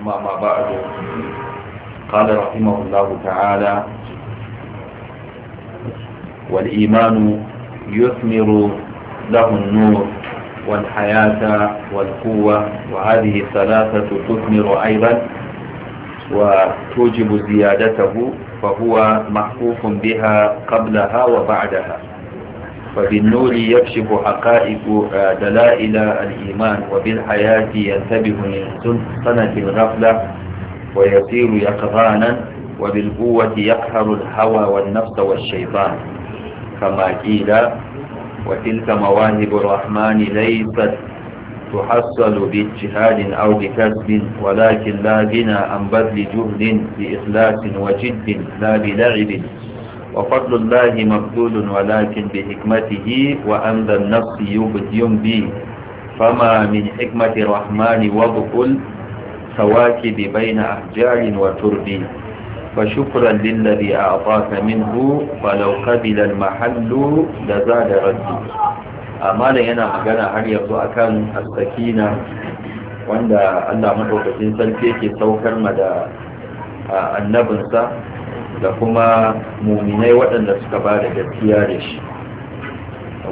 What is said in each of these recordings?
ثم ما بعد قال رحمه الله تعالى والإيمان يثمر له النور والحياة والقوة وهذه الثلاثة تثمر أيضا وتوجب زيادته فهو محفوف بها قبلها وبعدها فبالنور يكشف حقائق آه، دلائل الإيمان وبالحياة ينتبه من سنة الغفلة ويصير يقظانا وبالقوة يقهر الهوى والنفس والشيطان كما قيل وتلك مواهب الرحمن ليست تحصل باجتهاد أو بكسب ولكن لا غنى عن بذل جهد بإخلاص وجد لا بلعب وفضل الله مبذول ولكن بحكمته وأن ذا النفس يمضي فما من حكمة الرحمن وبخل سواكب بين أحجار وترب فشكرا للذي أعطاك منه فلو قبل المحل لزاد ردي أمالا ينا مغانا هل يبدو أكان السكينة وعند الله مدعوك سنسل فيك سوكر مدى النبنسة da kuma muminai waɗanda suka ba da gaskiya da shi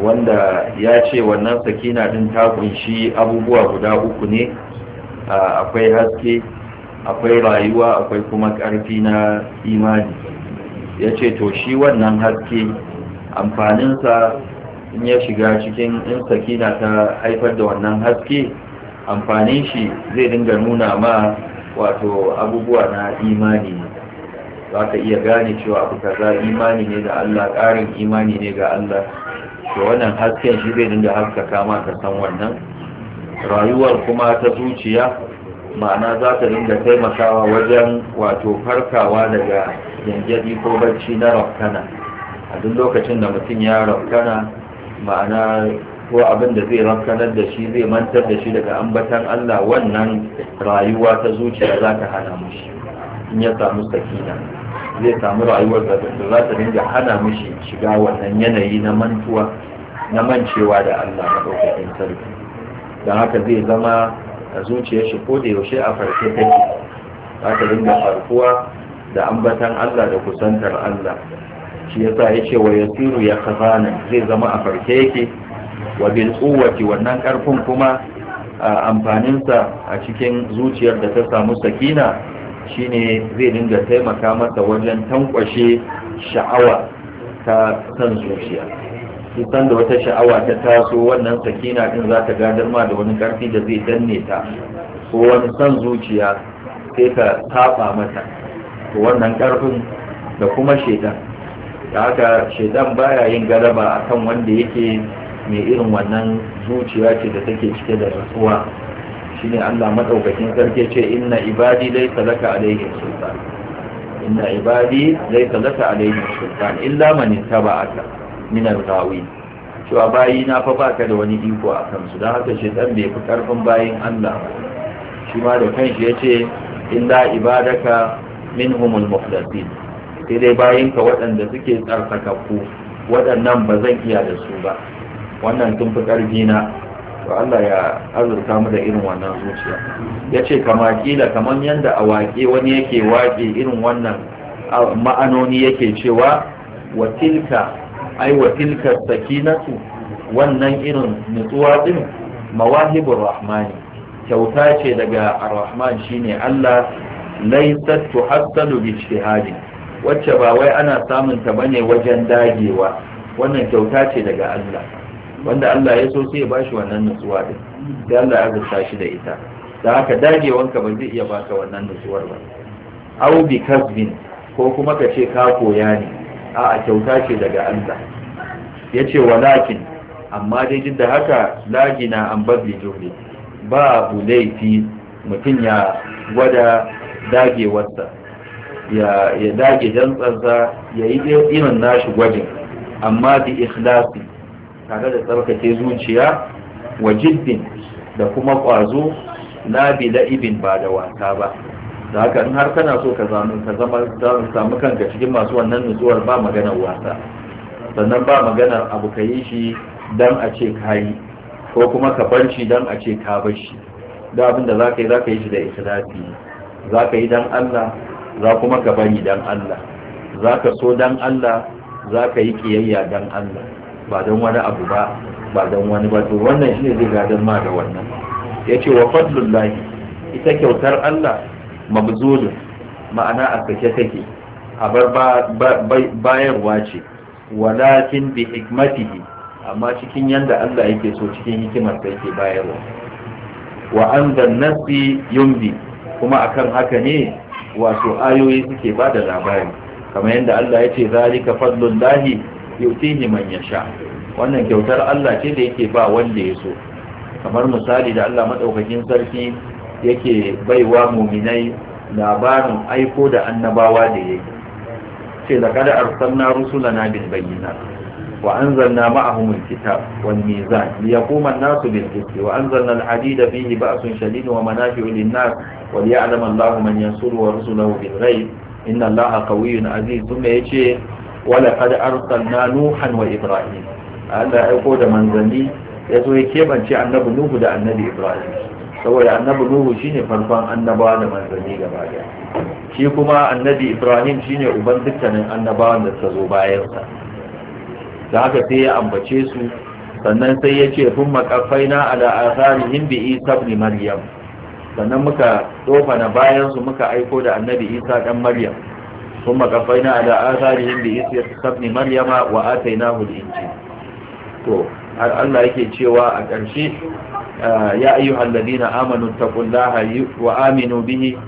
wanda ya ce wannan sakina din ta kunshi abubuwa guda uku ne akwai haske akwai rayuwa akwai kuma ƙarfi na imani ya ce to shi wannan haske amfaninsa in ya shiga cikin in sakina ta haifar da wannan haske amfanin shi zai dinga nuna ma wato abubuwa na imani za ka iya gane cewa abu kaza imani ne da Allah ƙarin imani ne ga Allah to wannan hasken shi zai dinga haskaka ma ka san wannan rayuwar kuma ta zuciya ma'ana za ta dinga taimakawa wajen wato farkawa daga gyangyaɗi ko barci na rafkana a duk lokacin da mutum ya rafkana ma'ana ko abin da zai rafkanar da shi zai mantar da shi daga ambatan Allah wannan rayuwa ta zuciya za ta hana mushi in ya samu sakina zai samu rayuwar da za ta dinga hana mishi shiga wannan yanayi na mantuwa na mancewa da Allah maɗaukakin sarki don haka zai zama a zuciyar shi ko da yaushe a farke take za ta dinga farkuwa da ambatan Allah da kusantar Allah shi yasa ya ce wa yasiru ya kazanin zai zama a farke yake wa bil kuwati wannan karfin kuma a amfaninsa a cikin zuciyar da ta samu sakina shine zai dinga taimaka masa wajen tankwashe sha'awa ta san zuciya san da wata sha'awa ta taso wannan sakina din za ta gadar ma da wani karfi da zai danne ta ko wani san zuciya sai ka taba mata ko wannan karfin da kuma shaidan da haka shaidan baya yin galaba akan wanda yake mai irin wannan zuciya ce da take cike da rasuwa shine Allah maɗaukakin sarki ce inna ibadi laysa laka alaihim sultan inna ibadi laysa laka alaihim sultan illa man ittaba'aka min al-ghawin cewa bayi na fa baka da wani iko a kansu don haka shaitan bai fi karfin bayin Allah shi ma da kanshi yace illa ibadaka minhumul mukhlasin sai dai bayinka waɗanda suke tsarkakakku waɗannan ba zan iya da su ba wannan sun fi ƙarfi na to Allah ya azurta mu da irin wannan zuciya ya ce kama kila kamar yadda a waƙe wani yake waƙe irin wannan ma'anoni yake cewa watilka ai watilka sakinatu wannan irin nutsuwa din mawahibur rahmani kyauta ce daga ar-rahman shine Allah laysat tuhassalu bi ijtihadin wacce ba wai ana samun ta bane wajen dagewa wannan kyauta ce daga Allah wanda Allah ya so sai ya bashi wannan nutsuwa din sai Allah ya shi da ita da haka dagewanka ba zai iya baka wannan nutsuwar ba au bi kasbin ko kuma ka ce ka koya ne a a kyauta ce daga Allah ya ce walakin amma dai duk da haka lagina an babli juhri ba abu laifi mutum ya gwada dagewarsa ya dage jantsarsa ya yi irin nashi gwajin amma bi ikhlasi tare da tsarkake zuciya wa jiddin da kuma ƙwazo na ibin ba da wasa ba da haka in har kana so ka zama samu kanka cikin masu wannan nutsuwar ba maganar wasa sannan ba maganar abu ka yi shi don a ce ka yi ko kuma ka bar shi don a ce ka bar shi da abin da za ka yi za ka yi shi da za ka yi don Allah za kuma ka bari don Allah za ka so don Allah za ka yi ƙiyayya don Allah ba don wani abu ba ba don wani ba to wannan shi zai gadon ma da wannan ya ce wa fadlullahi ita kyautar Allah mabzulun ma'ana a sake take a bar bayarwa ce walakin bi hikmatihi amma cikin yanda Allah yake so cikin hikimar da yake bayarwa wa anda nasi yumbi kuma akan haka ne wato ayoyi suke bada labari kamar yanda Allah ya ce zalika fadlullahi yautini man sha wannan kyautar Allah ce da yake ba wanda ya so kamar misali da Allah madaukakin sarki yake baiwa muminai labarin aiko da annabawa da yake ce da kada arsalna rusulana bil bayyinat wa anzalna ma'ahum al-kitab wani mizan liyaquma an-nasu bil qisti wa anzalna al-hadida fihi ba'sun wa manafi'u lin-nas wa liya'lama Allahu man yansuru wa rusuluhu bil ghaib inna Allaha qawiyyun aziz yace wala kad arsalna nuhan wa ibrahim Allah ya aiko da manzanni ya zo ya kebance annabi nuhu da annabi ibrahim saboda annabi nuhu shine farkon annabawa da manzanni gaba daya shi kuma annabi ibrahim shine uban dukkanin annabawan da suka zo bayansa da haka sai ya ambace su sannan sai ya ce sun makafaina ala asarihim bi isa ibn maryam sannan muka tsofana bayan su muka aiko da annabi isa dan maryam ثم قفينا على آثارهم بإسية ابن مريم وآتيناه الإنجيل to Allah yake cewa a ƙarshe ya ayyuhal ladina amanu taqullaha wa aminu bihi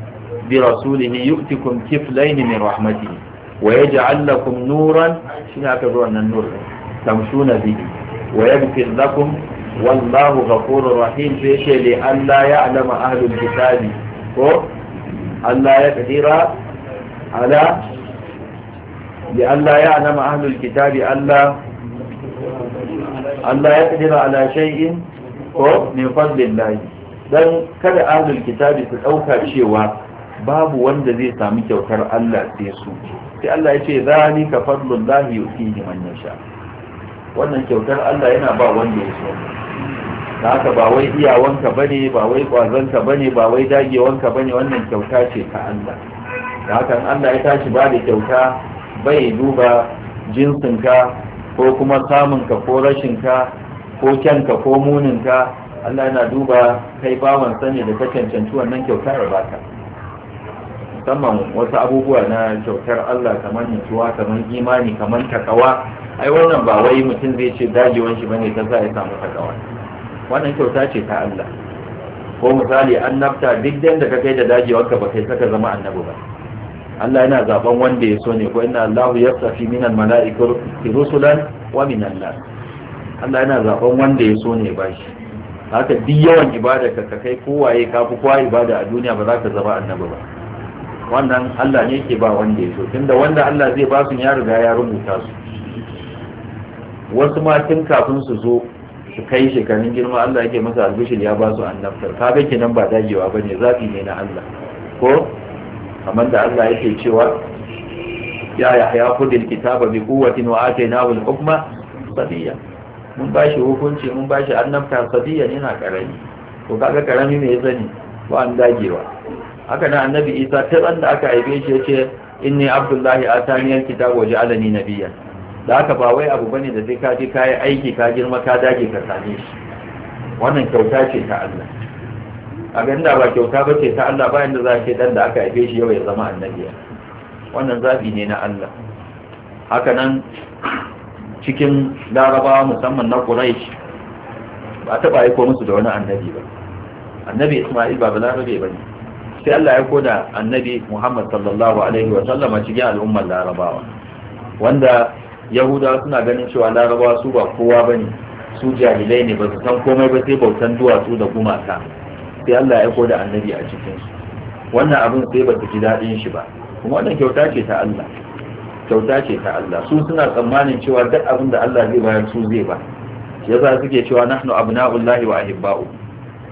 bi rasulihi yu'tikum kiflayn min rahmatihi wa yaj'al lakum nuran shine aka zo wannan nur tamshuna bihi wa yaghfir lakum wallahu ghafurur rahim sai ce li alla alama ahlul kitabi ko Allah ya kadira ala لئلا يعلم أهل الكتاب ألا ألا يقدر على شيء من فضل الله dan kada ahlul kitabi su ɗauka cewa babu wanda zai sami kyautar Allah sai su sai Allah ya ce zalika fadlullahi yutihi man wannan kyautar Allah yana ba wanda ya so da haka ba wai iyawanka bane ba wai kwazanka bane ba wai dagewanka bane wannan kyauta ce ta Allah da hakan Allah ya tashi ba da kyauta bai duba jinsinka ko kuma samunka ko rashinka ko kyanka ko muninka Allah yana duba kai bawan sani da ka cancanci wannan kyauta ya baka musamman wasu abubuwa na kyautar Allah kamar nutsuwa kamar imani kamar takawa ai wannan ba wai mutum zai ce dajewan shi bane ta za ya samu takawa wannan kyauta ce ta Allah ko misali annabta duk da ka kai da dajewanka ba kai saka zama annabu ba Allah yana zaben wanda ya so ne ko inna Allahu yastafi minal mala'ikati rusulan wa minan nas Allah yana zaben wanda ya so ne ba shi haka duk yawan ibada ka kai kowaye ka fi kowa ibada a duniya ba za ka zama annabi ba wannan Allah ne ke ba wanda ya so tunda wanda Allah zai ba su ya riga ya rubuta su wasu ma tun kafin su zo su kai shekarun girma Allah yake masa albishir ya ba su annabtar ka ga kenan ba dagewa bane zafi ne na Allah ko kamar da Allah yake cewa ya yahya khudil kitaba bi quwwatin wa atainahu al-hukma sabiya mun bashi hukunci mun bashi annabta sabiya yana karami to kaga karami me zani ba an dagewa haka nan annabi Isa ta da aka aibe shi yace inni abdullahi atani al-kitaba wa ja'alani nabiyya da haka ba wai abu bane da sai ka je kai aiki ka girma ka dage ka same shi wannan kyauta ce ta Allah a ganin da ba kyauta ba ce ta Allah bayan da za ce dan da aka haife shi yau ya zama annabi wannan zafi ne na Allah haka nan cikin larabawa musamman na Quraysh. ba ta ba ko musu da wani annabi ba annabi isma'il ba Larabe ba ne sai Allah ya koda annabi Muhammad sallallahu alaihi wa sallama cikin al'ummar larabawa wanda yahudawa suna ganin cewa larabawa su ba kowa bane su jahilai ne ba su san komai ba sai bautan duwatsu da gumaka sai Allah ya koda da annabi a cikin su wannan abin sai ba ji daɗin shi ba kuma wannan kyauta ce ta Allah kyauta ce ta Allah su suna tsammanin cewa duk abin da Allah zai bayar su zai ba yasa suke cewa nahnu abna'ullahi wa ahibba'u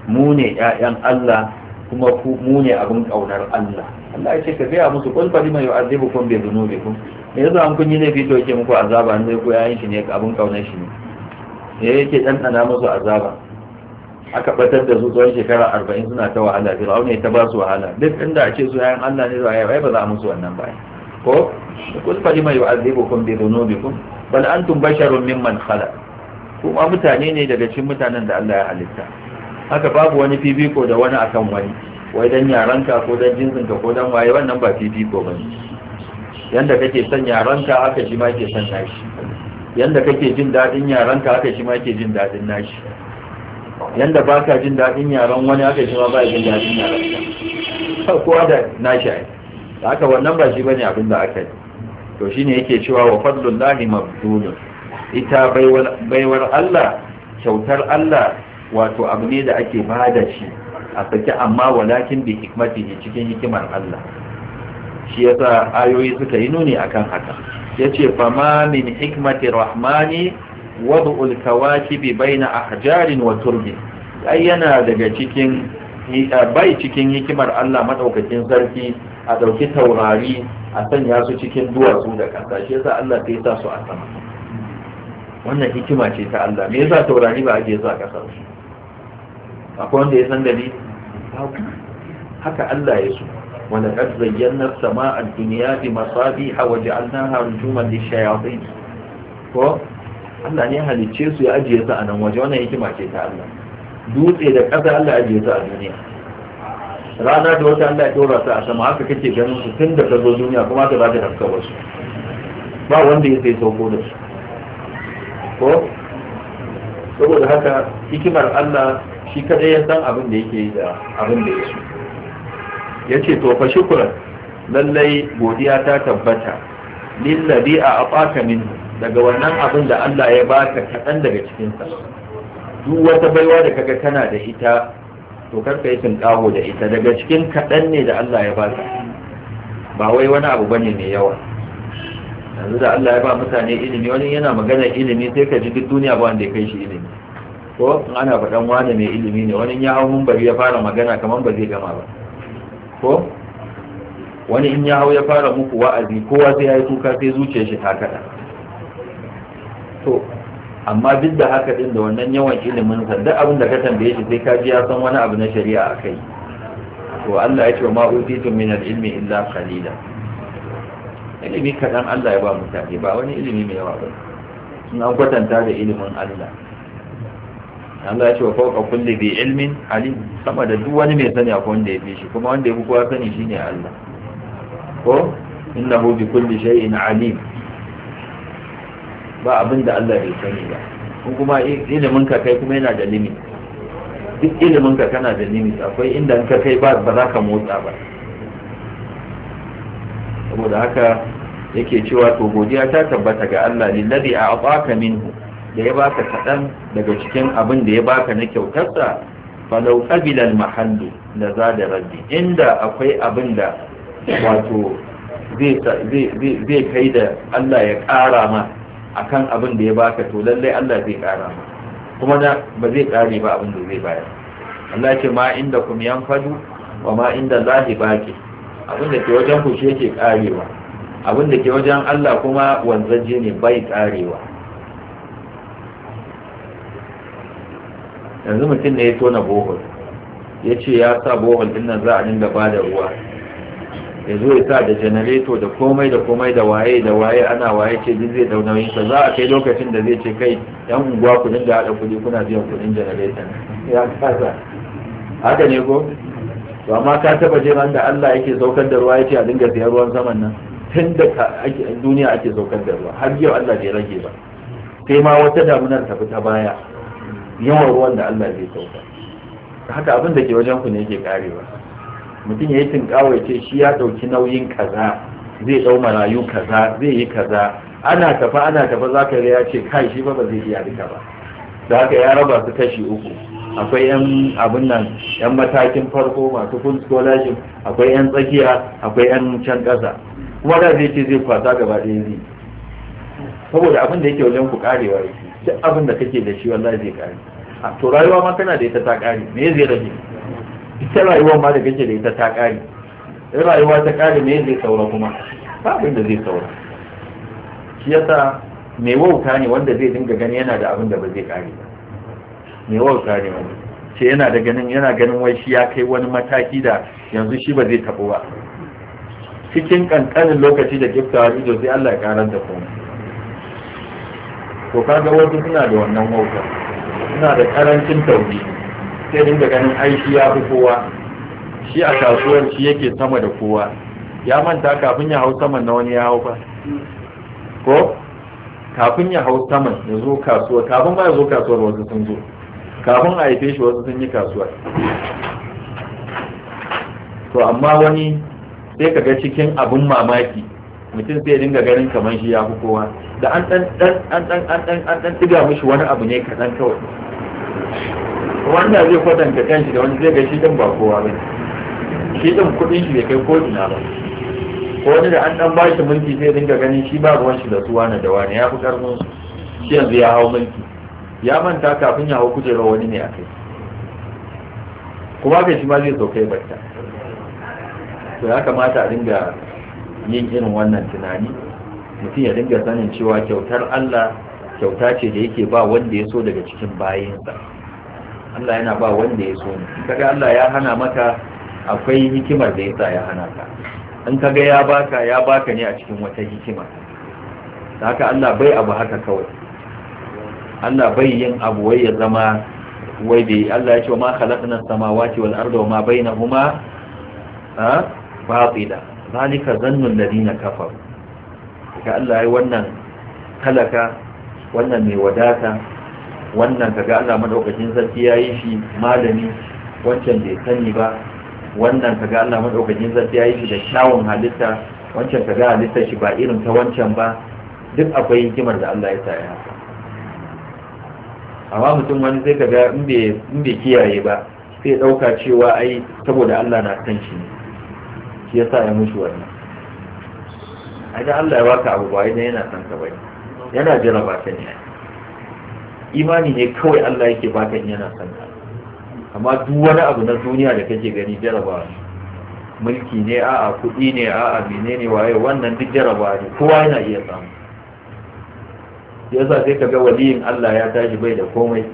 mu ne ƴaƴan Allah kuma ku mu ne abin kaunar Allah Allah ya ce ka gaya musu qul fa lima yu'adhibukum bi dhunubikum me yasa an kun ne laifi to yake muku azaba ne ko yayin shi ne abin kaunar shi ne ya yake dan dana musu azaba aka batar da su tsawon shekara arba'in suna ta wahala fir'aun ne ta ba su wahala duk inda a ce su yayan allah ne zuwa yawai ba za a musu wannan ba ko kun faɗi mai kun bi kun bal Sharon basharun man khala kuma mutane ne daga cikin mutanen da Allah ya halitta haka babu wani fifiko da wani akan wani wai dan yaranka ko dan jinsinka ko dan waye wannan ba fifiko ba ne. yanda kake son yaranka haka shi ma ke son nashi yanda kake jin dadin yaranka haka shi ma ke jin dadin nashi yanda ba ka jin daɗin yaran wani aka shi ma ba jin daɗin yaran kowa da nashi ai haka wannan ba shi bane abin da aka yi to shine yake cewa wa fadlullahi mabdulun ita baiwar Allah kyautar Allah wato abu ne da ake bada shi a sake amma walakin bi hikmatihi cikin hikimar Allah shi yasa ayoyi suka yi nuni akan haka yace fama min hikmati rahmani wadu'ul kawakibi baina ahjarin wa turbi ai yana daga cikin bai cikin hikimar Allah maɗaukakin sarki a ɗauki taurari a sanya su cikin duwatsu da kasa shi yasa Allah sai sa su a sama wannan hikima ce ta Allah me yasa taurari ba ake sa ƙasar su akwai wanda ya san dalili haka Allah ya so wanda kad zayyana sama'a ad-dunya bi masabiha wa ja'alnaha rujuman lish-shayatin ko Allah ne halicce su ya ajiye su a nan waje wannan hikima ce ta Allah dutse da ƙasa Allah ya ajiye su a duniya rana da wata Allah ya ɗora su a sama haka kake ganin su tun da zo duniya kuma ka za ka tafka wasu ba wanda ya sai sauko da su ko saboda haka hikimar Allah shi kadai ya san abin da yake da abin da ya yace to fa shukran lallai godiya ta tabbata lillabi a afaka minhu daga wannan abin da Allah ya baka kaɗan daga cikinsa duk wata baiwa da kaga kana da ita to karka yi tunƙaho da ita daga cikin kaɗan ne da Allah ya baka ba wai wani abu bane mai yawa yanzu da Allah ya ba mutane ilimi wani yana magana ilimi sai ka ji duk duniya ba wanda ya kai shi ilimi ko in ana faɗan wani mai ilimi ne wani ya hau mumbari ya fara magana kamar ba zai gama ba ko wani in ya hau ya fara muku wa'azi kowa sai ya yi kuka sai zuciyar shi ta kaɗa to amma duk da haka din da wannan yawan ilimin sa duk abin da ka tambaye shi sai ka ji ya san wani abu na shari'a akai to Allah ya ce ma utitu min al-ilmi illa qalila ilimi kadan Allah ya ba mutane ba wani ilimi mai yawa ba in an kwatanta da ilimin Allah Allah ya ce wa fawqa kulli bi ilmin alim sama da duk wani mai sani akwai wanda ya fi shi kuma wanda ya fi kowa sani shine Allah ko innahu bi kulli shay'in alim ba abin da Allah bai sani ba kun kuma ilimin ka kai kuma yana da limit duk ilimin ka kana da limit akwai inda ka kai ba ba za ka motsa ba saboda haka yake cewa to godiya ta tabbata ga Allah ne a baka minhu da ya baka kaɗan daga cikin abin da ya baka na kyautarsa falau ƙabilan mahalli da za da rabbi inda akwai abin da wato zai kai da Allah ya ƙara ma akan abin da ya baka to lallai Allah zai kara kuma da ba zai kare ba abin da zai bayar Allah ce ma inda kum yanfadu wa ma inda Allahi baki abin da ke wajen ku ke karewa abin da ke wajen Allah kuma wanzaje ne bai karewa yanzu mutum ne ya tona bohol ya ce ya sa bohol din nan za a dinga ba da ruwa ya zo ya sa da janareto da komai da komai da waye da waye ana waye ce duk zai dauna nauyin sa za a kai lokacin da zai ce kai yan unguwa ku dinga hada kuɗi kuna biyan kuɗin janareton ya kasa haka ne ko to amma ka taba je ran da Allah yake saukar da ruwa yace a dinga siyan ruwan saman nan tun da duniya ake saukar da ruwa har yau Allah bai rage ba sai ma wata damunar ta ta baya yawan ruwan da Allah zai sauka haka abin da ke wajen ku ne yake karewa mutum ya yi tinkawa ya ce shi ya ɗauki nauyin kaza zai ɗau marayu kaza zai yi kaza ana tafa ana tafa za ka ya ce kai shi ba ba zai iya duka ba da haka ya raba su kashi uku akwai yan abin nan yan matakin farko masu kun scholarship akwai yan tsakiya akwai yan can ƙasa kuma da zai ce zai kwasa gaba ɗaya zai saboda abin da yake wajen ku karewa yake duk abin da kake da shi wallahi zai kare to rayuwa ma kana da ita ta kare me zai rage ita rayuwar ma da kake da ita ta ƙare in rayuwa ta ƙare me zai saura kuma ba abin da zai saura shi yasa mai wauta ne wanda zai dinga gani yana da abin da ba zai ƙare ba mai wauta ne wani ce yana da ganin yana ganin wai shi ya kai wani mataki da yanzu shi ba zai tabo ba cikin ƙanƙanin lokaci da giftawar ido sai Allah ya karar da komai ko kaga wasu suna da wannan wauta suna da ƙarancin tauhidi sai dinga ganin aiki ya fi kowa shi a kasuwar shi yake sama da kowa ya manta kafin ya hau saman na wani ya hau ba ko kafin ya hau saman ya zo kasuwa kafin ba ya zo kasuwar wasu sun zo kafin a haife shi wasu sun yi kasuwa to amma wani sai ka ga cikin abin mamaki mutum sai dinga ganin kamar shi ya fi kowa da an dan ɗan dan ɗan dan dan mishi wani abu ne kaɗan kawai wanda zai kwatanta kanshi da wani zai ga shi din ba kowa ba shi din kudin shi bai kai ko ina ba ko wani da an dan ba shi mulki zai dinga ganin shi ba ruwan shi da su wani da wani ya fi karfin shi yanzu ya hau mulki ya manta kafin ya hau kujerar wani ne a kai kuma kai shi ma zai zo kai barta to ya kamata a dinga yin irin wannan tunani mutum ya dinga sanin cewa kyautar Allah kyauta ce da yake ba wanda ya so daga cikin bayansa Allah yana ba wanda ya so kaga Allah ya hana maka akwai hikimar da yasa ya hana ka in kaga ya baka ya baka ne a cikin wata hikima haka Allah bai abu haka kawai Allah bai yin abu wai ya zama wai bai Allah ya ce ma khalaqna samawati wal arda wama bainahuma ha batila zalika zannul ladina kafaru ka Allah ya wannan talaka wannan mai wadata wannan kaga Allah madaukakin sarki yayi shi malami wancan bai sani ba wannan kaga Allah madaukakin sarki yayi shi da kyawun halitta wancan kaga halittar shi ba irin ta wancan ba duk akwai hikimar da Allah ya sa ya amma mutum wani zai kaga in bai kiyaye ba sai dauka cewa ai saboda Allah na kan shi ne shi yasa ya mushi wannan ai da Allah ya baka abu ba idan yana san ka bai yana jira ba ta ne imani ne kawai Allah yake baka in yana son ka amma duk wani abu na duniya da kake gani jaraba mulki ne a'a kuɗi ne a'a menene waye wannan duk jaraba ne kowa yana iya samu yasa sai kaga waliyin Allah ya tashi bai da komai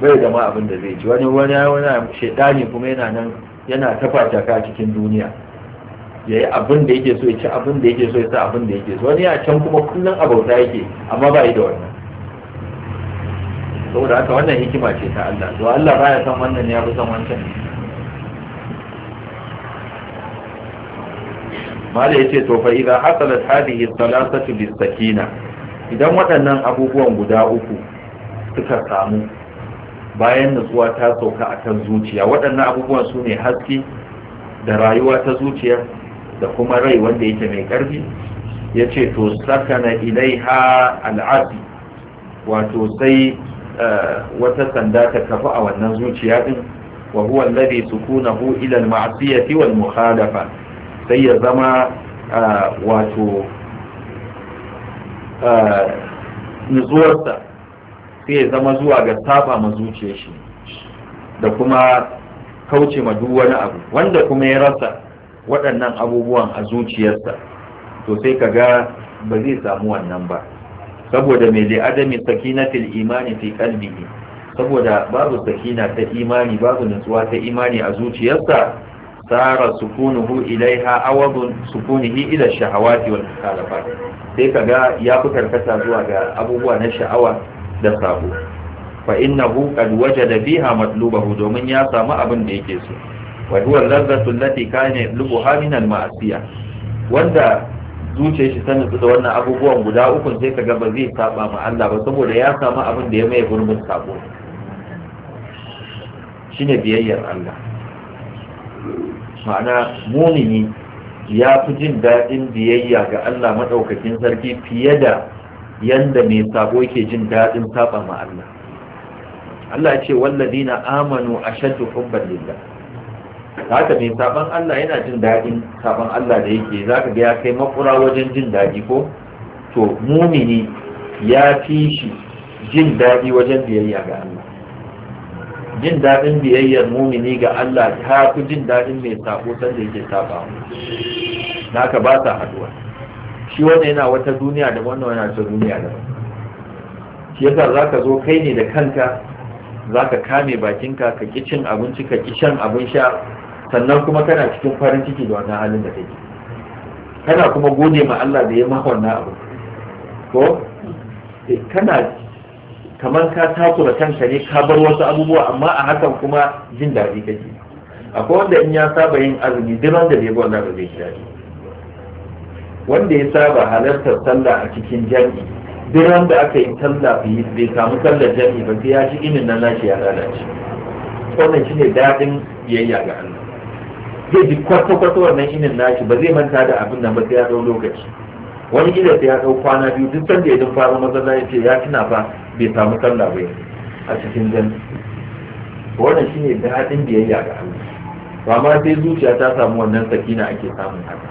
bai da ma abin da zai ci wani wani wani shedani kuma yana nan yana tafata ka cikin duniya ya yi abin da yake so ya ci abin da yake so ya sa abin da yake so wani ya can kuma kullum abauta yake amma ba yi da wannan saboda haka wannan hikima ce ta Allah to Allah baya san wannan ya fi san wancan ya ce to fa idza hasalat hadhihi thalathatu bisakina idan waɗannan abubuwan guda uku suka samu bayan nutsuwa ta sauka a kan zuciya waɗannan abubuwan su ne haske da rayuwa ta zuciya da kuma rai wanda yake mai ƙarfi yace to sakana ilaiha al'abi wato sai wata sanda ta kafa a wannan zuciya din wa huwa alladhi sukunahu ila al-ma'siyati wal mukhalafa sai ya zama wato nutsuwarsa sai ya zama zuwa ga saba ma zuciyar shi da kuma kauce ma duk wani abu wanda kuma ya rasa waɗannan abubuwan a zuciyarsa to sai ka ga ba zai samu wannan ba saboda mai li adami sakinatil imani fi qalbihi saboda babu sakina ta imani babu nutsuwa ta imani a zuciyarsa sara sukunuhu ilaiha awadun sukunihi ila shahawati wal mukhalafat sai kaga ya fi karkata zuwa ga abubuwa na sha'awa da sabo fa innahu qad wajada biha matlubahu domin ya samu abin da yake so wa huwa al-ladzatu allati kana yatlubuha min al-ma'siyah wanda zuciyar shi sanin da wannan abubuwan guda uku sai kaga ba zai saba ma Allah ba saboda ya samu abin da ya mai gurbin sabo shine biyayyar Allah ma'ana mumini ya fi jin daɗin biyayya ga Allah maɗaukakin sarki fiye da yanda mai sabo yake jin daɗin saba ma Allah Allah ya ce wallazina amanu ashaddu hubban lillah haka ne sabon Allah yana jin daɗin sabon Allah da yake za ka ga ya kai makura wajen jin daɗi ko to mumini ya fi shi jin daɗi wajen biyayya ga Allah jin daɗin biyayyar mumini ga Allah ta fi jin daɗin mai sako sanda yake saba na ka ba sa haduwa shi wannan yana wata duniya da wannan yana wata duniya da shi yasa za ka zo kai ne da kanka za ka kame bakinka ka ƙi cin abinci ka ƙi shan abin sha sannan kuma kana cikin farin ciki da wannan halin da take. kana kuma gode ma Allah da ya maka wannan abu ko eh, kana kamar ka takura kanka ne ka bar wasu abubuwa amma a hakan kuma jin daɗi kake akwai wanda in ya saba yin azumi duk wanda bai gwanda ba zai daɗi wanda ya saba halartar sallah a cikin jami'i duk wanda aka yi sallah bai samu sallar jami'i ba sai ya ci inin na nashi ya lalace wannan shine daɗin biyayya ga Allah zai ji kwato-kwato wannan inin nashi ba zai manta da abin da ya ɗau lokaci wani gida sai ya ɗau kwana biyu duk sanda ya jin fara mazalla ya ce ya tuna ba bai samu sallah ba a cikin jan wannan shine daɗin biyayya ga Allah amma sai zuciya ta samu wannan sakina ake samun haka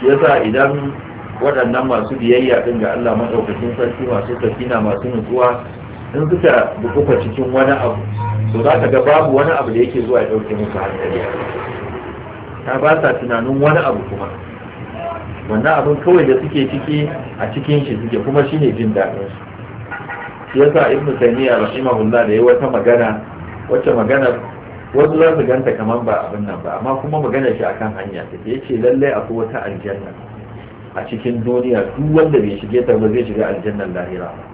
shi yasa idan waɗannan masu biyayya ɗin ga Allah maɗaukacin sarki masu sakina masu nutsuwa in suka bukufa cikin wani abu so za ka ga babu wani abu da yake zuwa ya ɗauke musu hankali ta ba sa tunanin wani abu kuma wannan abin kawai da suke ciki a cikin shi suke kuma shine jin daɗin su sa ibn taymiya rahimahullah da ya wata magana wacce magana wasu za su ganta kamar ba abin nan ba amma kuma magana shi akan hanya ya ce lallai akwai wata aljanna a cikin duniya duk wanda bai shige ta ba zai shiga aljannan lahira ba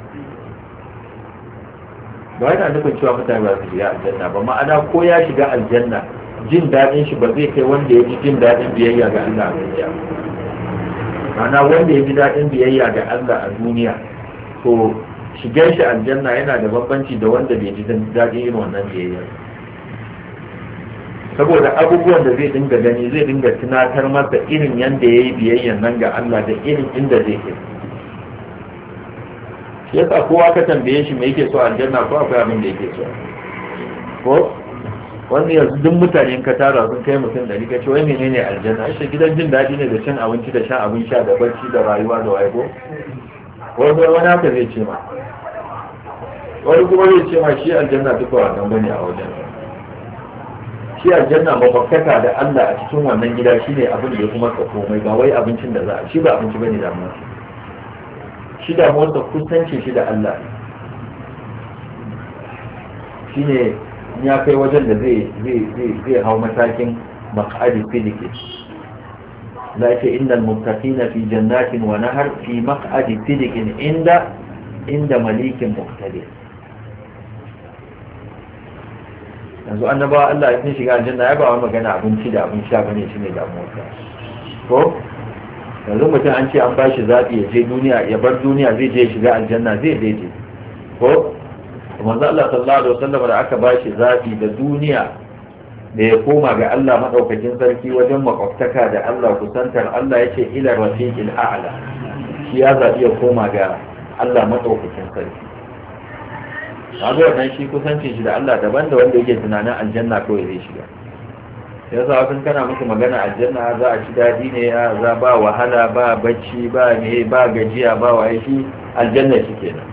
ba yana nufin cewa mutane ba su shiga aljanna ba ma'ana ko ya shiga aljanna jin daɗin shi ba zai kai wanda ya ji jin daɗin biyayya ga Allah a duniya ma'ana wanda ya ji daɗin biyayya ga Allah a duniya to shigar shi aljanna yana da bambanci da wanda bai ji daɗin irin wannan biyayya saboda abubuwan da zai dinga gani zai dinga tunatar masa irin yadda ya yi biyayyan nan ga Allah da irin inda zai kai shi yasa kowa ka tambaye shi mai ke so aljanna ko akwai abin da yake so ko wani yanzu duk mutane ka tara sun kai mutum da ka ce wai ne aljanna shi gidan jin daɗi ne da cin abinci da shan abin sha da barci da rayuwa da waye ko wani wani haka zai ce ma wani kuma zai ce ma shi aljanna duk ba wannan bane a wajen shi aljanna mafakkata da Allah a cikin wannan gida shine abin da ya kuma komai ba wai abincin da za a shi ba abinci bane da mu shi damuwarsa kusanci shi da Allah shi ne ya kai wajen da zai hau matakin maka'adi filike la ce inda mutafina fi jannatin wa nahar fi maka'adi filikin inda inda malikin muktadi yanzu annabawa Allah ya sun shiga aljanna ya ba wani magana abinci da abin sha bane shi ne damuwarsa ko yanzu mutum an ce an ba shi zaɓi ya je duniya ya bar duniya zai je shiga aljanna zai daidai ko manzo Allah sallallahu alaihi wasallam da aka ba shi zaɓi da duniya da ya koma ga Allah madaukakin sarki wajen makwabtaka da Allah kusantar Allah yace ila rafiqil a'la shi ya zaɓi ya koma ga Allah madaukakin sarki kaga wannan shi kusancin shi da Allah daban da wanda yake tunanin aljanna kawai zai shiga ya sa wasan kana musu magana aljanna za a ci daɗi ne ya? za ba wahala ba bacci ba ne ba gajiya ba wa shi aljanna shi kenan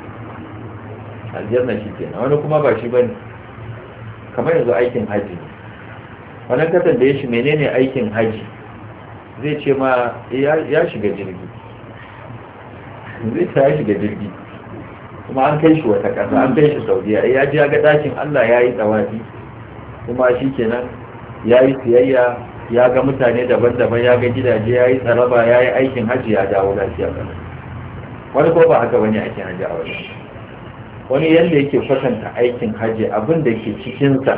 aljanna shi kenan wani kuma ba shi ba ne. kamar yanzu aikin haji wani da ya shi menene aikin haji zai ce ma eh, ya shiga jirgi zai ta ya shiga jirgi kuma an kai shi wata ƙasa an kai shi saudiya eh, ya ji ya ga dakin allah ya yi tsawafi kuma shi kenan ya yi siyayya ya ga mutane daban-daban ya ga gidaje ya yi tsaraba ya yi aikin hajji ya dawo lafiya wani ko ba haka bane aikin hajji a wani wani yadda yake kwatanta aikin hajji abin da ke cikinsa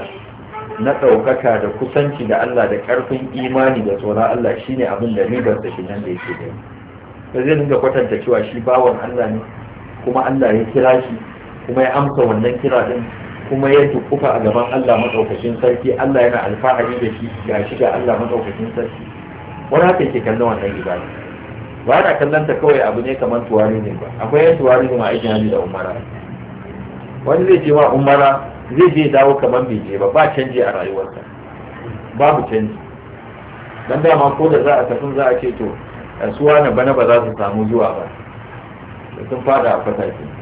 na ɗaukaka da kusanci da Allah da ƙarfin imani da tsoron Allah shine abin da ribarsa shi nan da yake da ba zai dinga kwatanta cewa shi bawan Allah ne kuma Allah ya kira shi kuma ya amsa wannan kira din kuma ya tukufa a gaban Allah madaukakin sarki Allah yana alfahari da shi ga shi ga Allah madaukakin sarki wani haka yake kallon wannan ibada ba na kallon ta kawai abu ne kamar tuwari ne ba akwai yan tuwari ne ma'a aikin hajji da umara wani zai ce wa umara zai je dawo kamar bai je ba ba canji a rayuwarsa babu canji dan dama ko da za a tafi za a ce to suwa na bana ba za su samu zuwa ba sun fada a fataki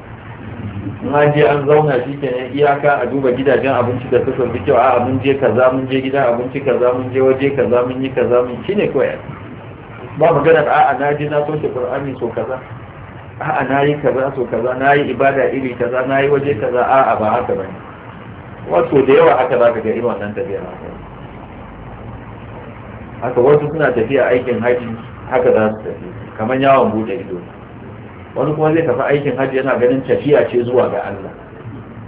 na je an zauna shi kenan iyaka a duba gidajen abinci da suka fi kyau a mun je kaza mun je gidan abinci kaza mun je waje kaza mun yi kaza mun shi ne kawai ba magana a'a na je na toshe qur'ani so kaza a'a na yi kaza so kaza na yi ibada iri kaza na yi waje kaza a'a ba haka ba ne wato da yawa haka za ka ga irin wannan tafiya haka wasu suna tafiya aikin haji haka za su tafi kamar yawon bude ido ne wani kuma zai tafi aikin hajji yana ganin tafiya ce zuwa ga Allah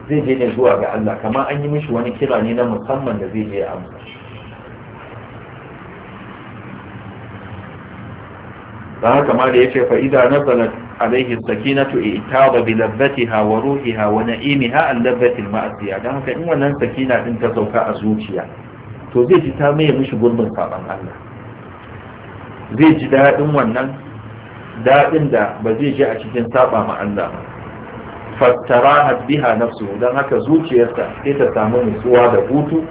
zai je ne zuwa ga Allah kamar an yi mishi wani kira ne na musamman da zai je amsa da haka ma da yace fa idza nazalat alaihi sakinatu itaba bi labbatiha wa ruhiha wa na'imiha allabati al-ma'siya dan haka in wannan sakina din ta sauka a zuciya to zai ji ta mai mishi gurbin saban Allah zai ji daɗin wannan daɗin da ba zai ji a cikin saba ma Allah ba fattarahat biha nafsu dan haka zuciyarsa sai ta samu nutsuwa da hutu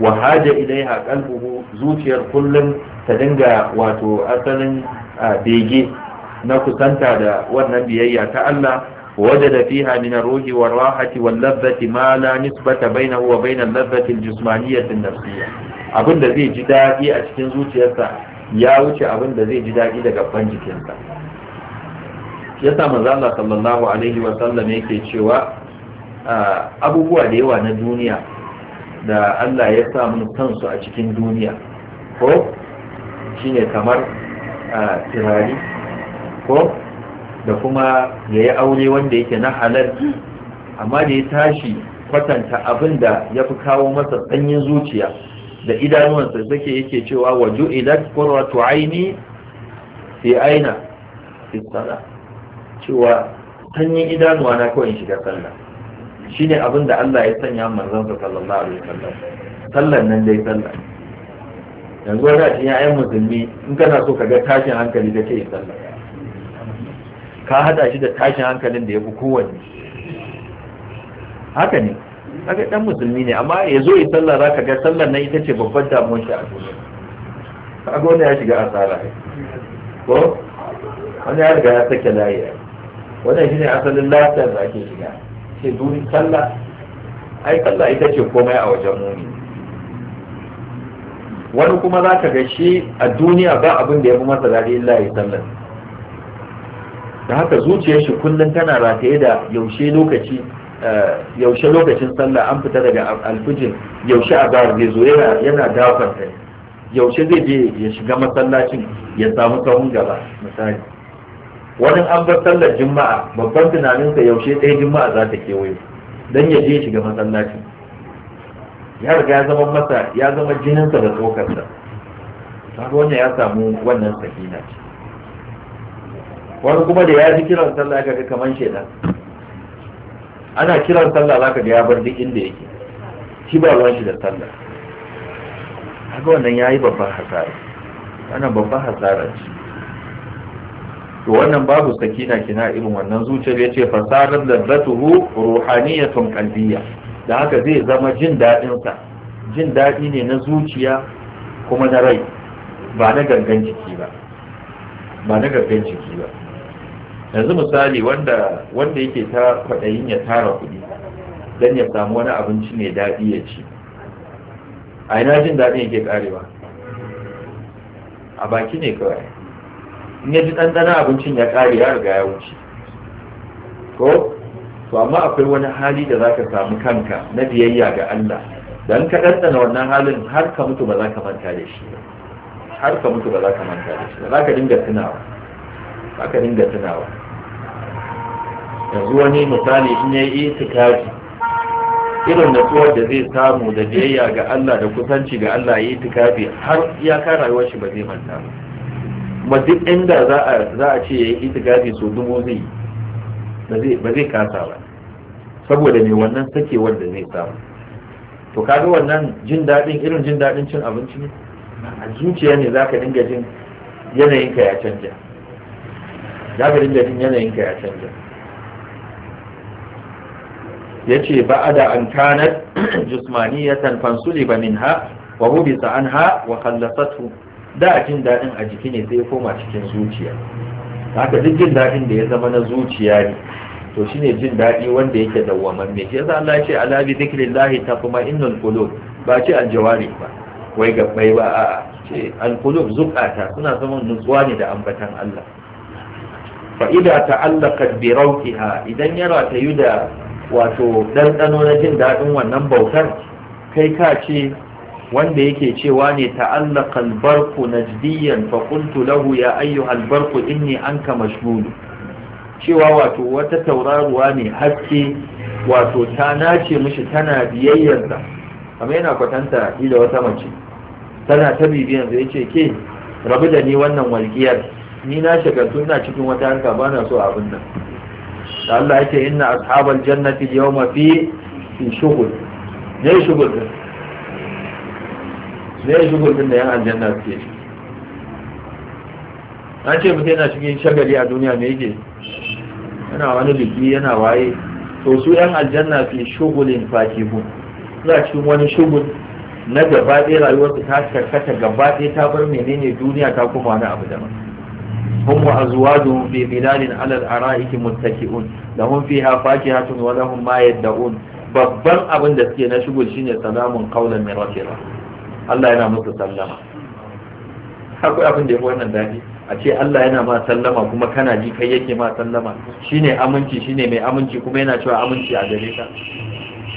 wa haja ilaiha qalbuhu zuciyar kullum ta dinga wato asalin bege na kusanta da wannan biyayya ta Allah wajada fiha min ruhi wa rahati wal ladhati ma la nisbata bainahu wa bain ladhati al-jismaniyyah an-nafsiyyah abinda zai ji dadi a cikin zuciyarsa ya wuce abin da zai ji daɗi daga ban jikinsa ya sa manzala sallallahu alaihi wasallam yake cewa abubuwa da yawa na duniya da Allah ya sa mun kansu a cikin duniya ko shine kamar tirari ko da kuma ya yi aure wanda yake na halal amma da ya tashi kwatanta abin da ya fi kawo masa tsanyin zuciya da idanuwansa zake yake cewa wa ju'ilat qurratu aini fi aina fi sala cewa sanyin idanuwa na kawai shiga sallah shine abin da Allah ya sanya manzon sa sallallahu alaihi wasallam sallan nan dai sallah yanzu ga a cikin ayyan musulmi in kana so ka ga tashin hankali da ke sallah ka hada shi da tashin hankalin da ya fi kowanne haka ne kaga dan musulmi ne amma ya zo ya sallah za ka ga sallar nan ita ce babban damuwar shi a duniya kaga wanda ya shiga asara ko wanda ya riga ya sake layi wannan shine asalin lafiyar da ake shiga ce duri sallah ai sallah ita ce komai a wajen muni wani kuma za ka ga shi a duniya ba abin da ya fi masa daɗi illa ya sallar da haka zuciyar shi kullum tana rataye da yaushe lokaci Eh, yaushe lokacin sallah an fita daga alfijin yaushe azhar zai zo yana dafar kai yaushe zai je ya shiga masallacin ya samu sahun gaba misali wani an bar sallar juma'a babban tunaninsa yaushe ɗaya juma'a za ta kewayo don ya je ya shiga masallacin ya riga ya zama masa ya zama jininsa da tsokarsa kaga wannan ya samu wannan sakina wani kuma da ya ji kiran sallah ga kaman shedan ana kiran sallah zaka ga ya bar duk inda yake shi ba ruwan shi da sallah haka wannan ya yi babban hasara wannan babban hasara ce to wannan babu sakina kina irin wannan zuciyar ce fasarar da lazzatuhu ruhaniyatun kalbiya da haka zai zama jin daɗinsa, sa jin daɗi ne na zuciya kuma na rai ba na gangan jiki ba ba na gangan jiki ba yanzu misali wanda wanda yake ta kwaɗayin ya tara kuɗi don ya samu wani abinci mai daɗi ya ci a ina jin daɗin yake ƙarewa a baki ne kawai in ya ji ɗanɗana abincin ya ƙare ya riga ya wuce ko to amma akwai wani hali da za ka samu kanka na biyayya ga Allah don ka ɗanɗana wannan halin har ka mutu ba za ka manta da shi har ka mutu ba za ka manta da shi ba za ka dinga tunawa za ka dinga tunawa yanzu wani misali in ya yi itikafi irin natsuwar da zai samu da biyayya ga Allah da kusanci ga Allah ya yi itikafi har kara rayuwar shi ba zai manta ba kuma duk inda za a ce ya yi itikafi so dubu zai ba zai kasa ba saboda me wannan sakewar da zai samu to kaga wannan jin daɗin irin jin daɗin cin abinci ne a zuciya ne za ka dinga jin yanayinka ya canja za ka dinga jin yanayinka ya canja a da an kanat jismaniyatan fansuliba minha wa rubisa anha wa khallasathu da jin daɗin a jiki ne sai koma cikin zuciya haka duk jin daɗin da ya zama na zuciya ne to shine jin daɗi wanda yake dawwamamme shi yasa Allah ya ce ala ta kuma tatma'innul qulub ba ce aljawari ba wai gabbai ba a'a ce Alkulub. zukata suna zama nutsuwa ne da ambatan Allah Fa'ida ta ta'allaqat bi rawqiha idan yara ta da. wato ɗanɗano na jin daɗin wannan bautar kai ka ce wanda yake cewa ne ta'allaka albarku najdiyan fa qultu lahu ya ayyu albarku inni anka mashghul cewa wato wata tauraruwa ne haske wato ta nace mishi tana biyayyar da kamar yana kwatanta ila wata mace tana ta bibiyan zai yace ke rabu da ni wannan walgiyar ni na shagaltu ina cikin wata harka bana so abin nan da Allah yake inna ashabal jannati yawma fi shughul ne shughul din ne shughul din da yan aljanna suke an ce mutum yana cikin shagali a duniya me yake yana wani biki yana waye to su yan aljanna fi shughulin fakihun suna cikin wani shughul na gaba ɗaya rayuwarsu ta karkata gaba ɗaya ta bar menene duniya ta kuma wani abu daban هم وأزواجهم في ظلال على الأرائك متكئون لهم فيها فاكهة ولهم ما يدعون babban abin da suke na shi ne salamun kaulan mai rafira Allah yana musu sallama akwai abin da ya wannan daɗi a ce Allah yana ma sallama kuma kana ji kai yake ma sallama Shi ne aminci shi ne mai aminci kuma yana cewa aminci a gare ka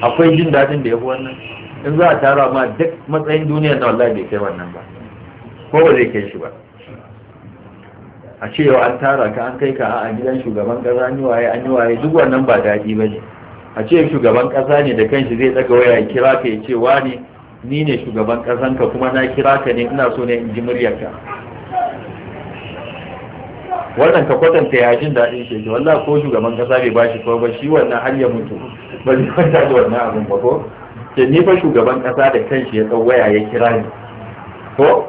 akwai jin daɗin da ya wannan in za a tara ma duk matsayin duniya na wallahi bai kai wannan ba ko ba zai kai shi ba a cewa an tara ka an kai ka a gidan shugaban kasa an yi waye an yi waye duk wannan ba daɗi ba ne a ce shugaban kasa ne da kanshi zai daga waya ya kira ka ya ce wani ni ne shugaban kasan ka kuma na kira ka ne ina so ne in ji muryarka wannan ka kwatanta ya jin daɗin shi wallah ko shugaban kasa bai bashi ko ba shi wannan har ya mutu ba zai kwanta da wannan abin ba ko ke ni fa shugaban kasa da kanshi ya tsawaya ya kira ni ko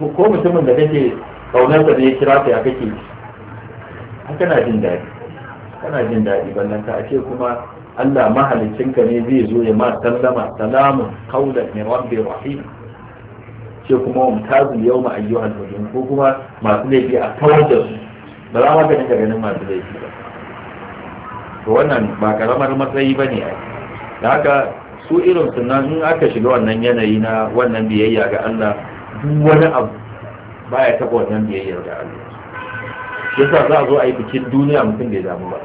ko mutumin da kake kaunarsa da ya kira ka ya kake ji kana jin daɗi kana jin daɗi ballan ka a ce kuma Allah mahalicinka ne zai zo ya ma sallama salamun qaulan min rabbir rahim ce kuma mutazil yawma ayyuhal mujrim ko kuma masu laifi a kawar da su ba za ma ka ganin masu laifi ba to wannan ba karamar matsayi bane ai da haka su irin sunan in aka shiga wannan yanayi na wannan biyayya ga Allah duk wani abu baya taɓa wannan biyayyar da Allah shi sa za a zo a yi bikin duniya mutum bai damu ba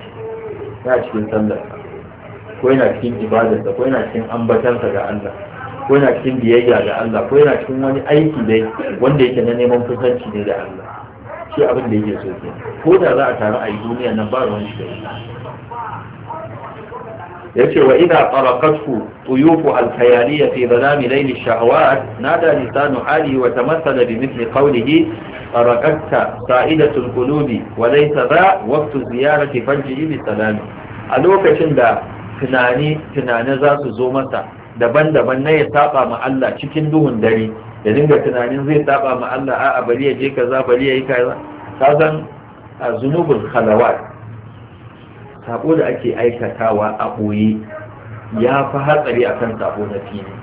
yana cikin sallarsa ko yana cikin ibadarsa ko yana cikin ambatansa ga Allah ko yana cikin biyayya ga Allah ko yana cikin wani aiki dai wanda yake na neman kusanci ne da Allah shi abin da yake so ke ko da za a taru a yi duniya nan ba ruwan shi da yace wa idza tarakathu tuyufu al-khayaliya fi dhanami layl ash-shahawat nada lisanu hali wa tamassala bi mithli qawlihi tarakatta sa'idatu al-qulubi wa laysa dha waqtu ziyarati farjihi bi a lokacin da tunani tunane za su zo masa daban-daban na ya saba ma Allah cikin duhun dare ya dinga tunanin zai saba ma Allah a'a bari ya je kaza bari ya yi kaza ka san zunubul khalawat sako da ake aikatawa a ɓoye ya fi hatsari a kan sabo na fili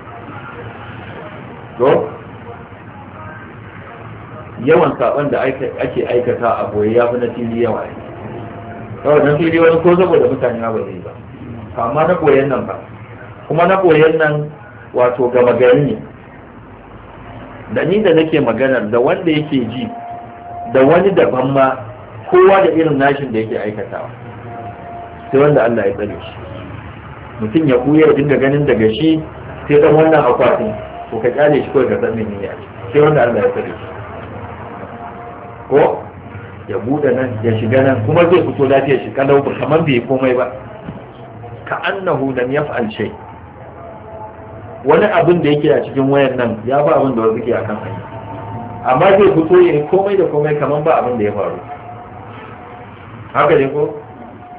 yawan sakon da ake aikata a ɓoye ya fi na fili yawa ne kawai na fili wani ko saboda mutane ba zai ba amma na ɓoyen nan ba kuma na ɓoyen nan wato gama gari ne da ni da nake maganar da wanda yake ji da wani daban ma kowa da irin nashin da yake aikatawa sai wanda Allah ya tsare shi mutum ya kuya ya dinga ganin daga shi sai dan wannan akwatin ko ka kyale shi kawai ka san menene ya sai wanda Allah ya tsare shi ko ya bude nan ya shiga nan kuma zai fito lafiyar shi kalau ba kamar bai komai ba ka annahu lam yaf'al shay wani abin da yake a cikin wayar nan ya ba abin da wasu ke akan hanya amma zai fito ya komai da komai kamar ba abin da ya faru haka ne ko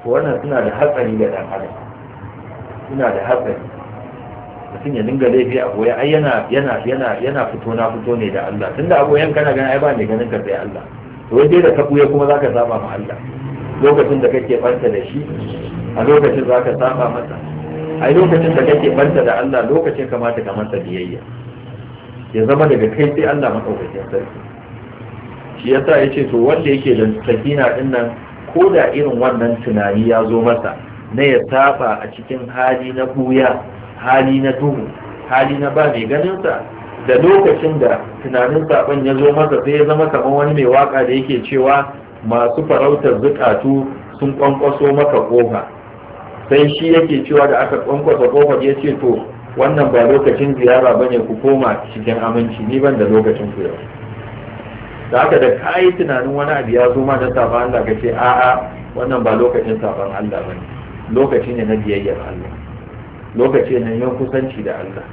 to wannan suna da hatsari ga dan adam suna da hatsari mutum ya dinga laifi a goya ai yana yana yana yana fito na fito ne da Allah tunda a goyan kana ganin ai ba mai ganin ka sai Allah to wai dai da ka buya kuma zaka saba ma Allah lokacin da kake banta da shi a lokacin zaka saba masa ai lokacin da kake banta da Allah lokacin kamata ka manta biyayya ya zama daga kai sai Allah madaukakin sarki shi yasa yace to wanda yake da sakina dinnan. nan ko da irin wannan tunani ya zo masa na ya saba a cikin hali na buya hali na duhu hali na ba mai ganinsa da lokacin da tunanin saban ya zo masa sai ya zama kamar wani mai waka da yake cewa masu farautar zukatu sun kwankwaso maka kofa sai shi yake cewa da aka kwankwasa kofar ya ce to wannan ba lokacin ziyara bane ku koma cikin aminci ni ban da lokacin ku yau da haka da ka yi tunanin wani abu ya zo ma na saban Allah ka ce a'a wannan ba lokacin safan Allah ba ne lokaci ne na biyayyar Allah lokaci ne na kusanci da Allah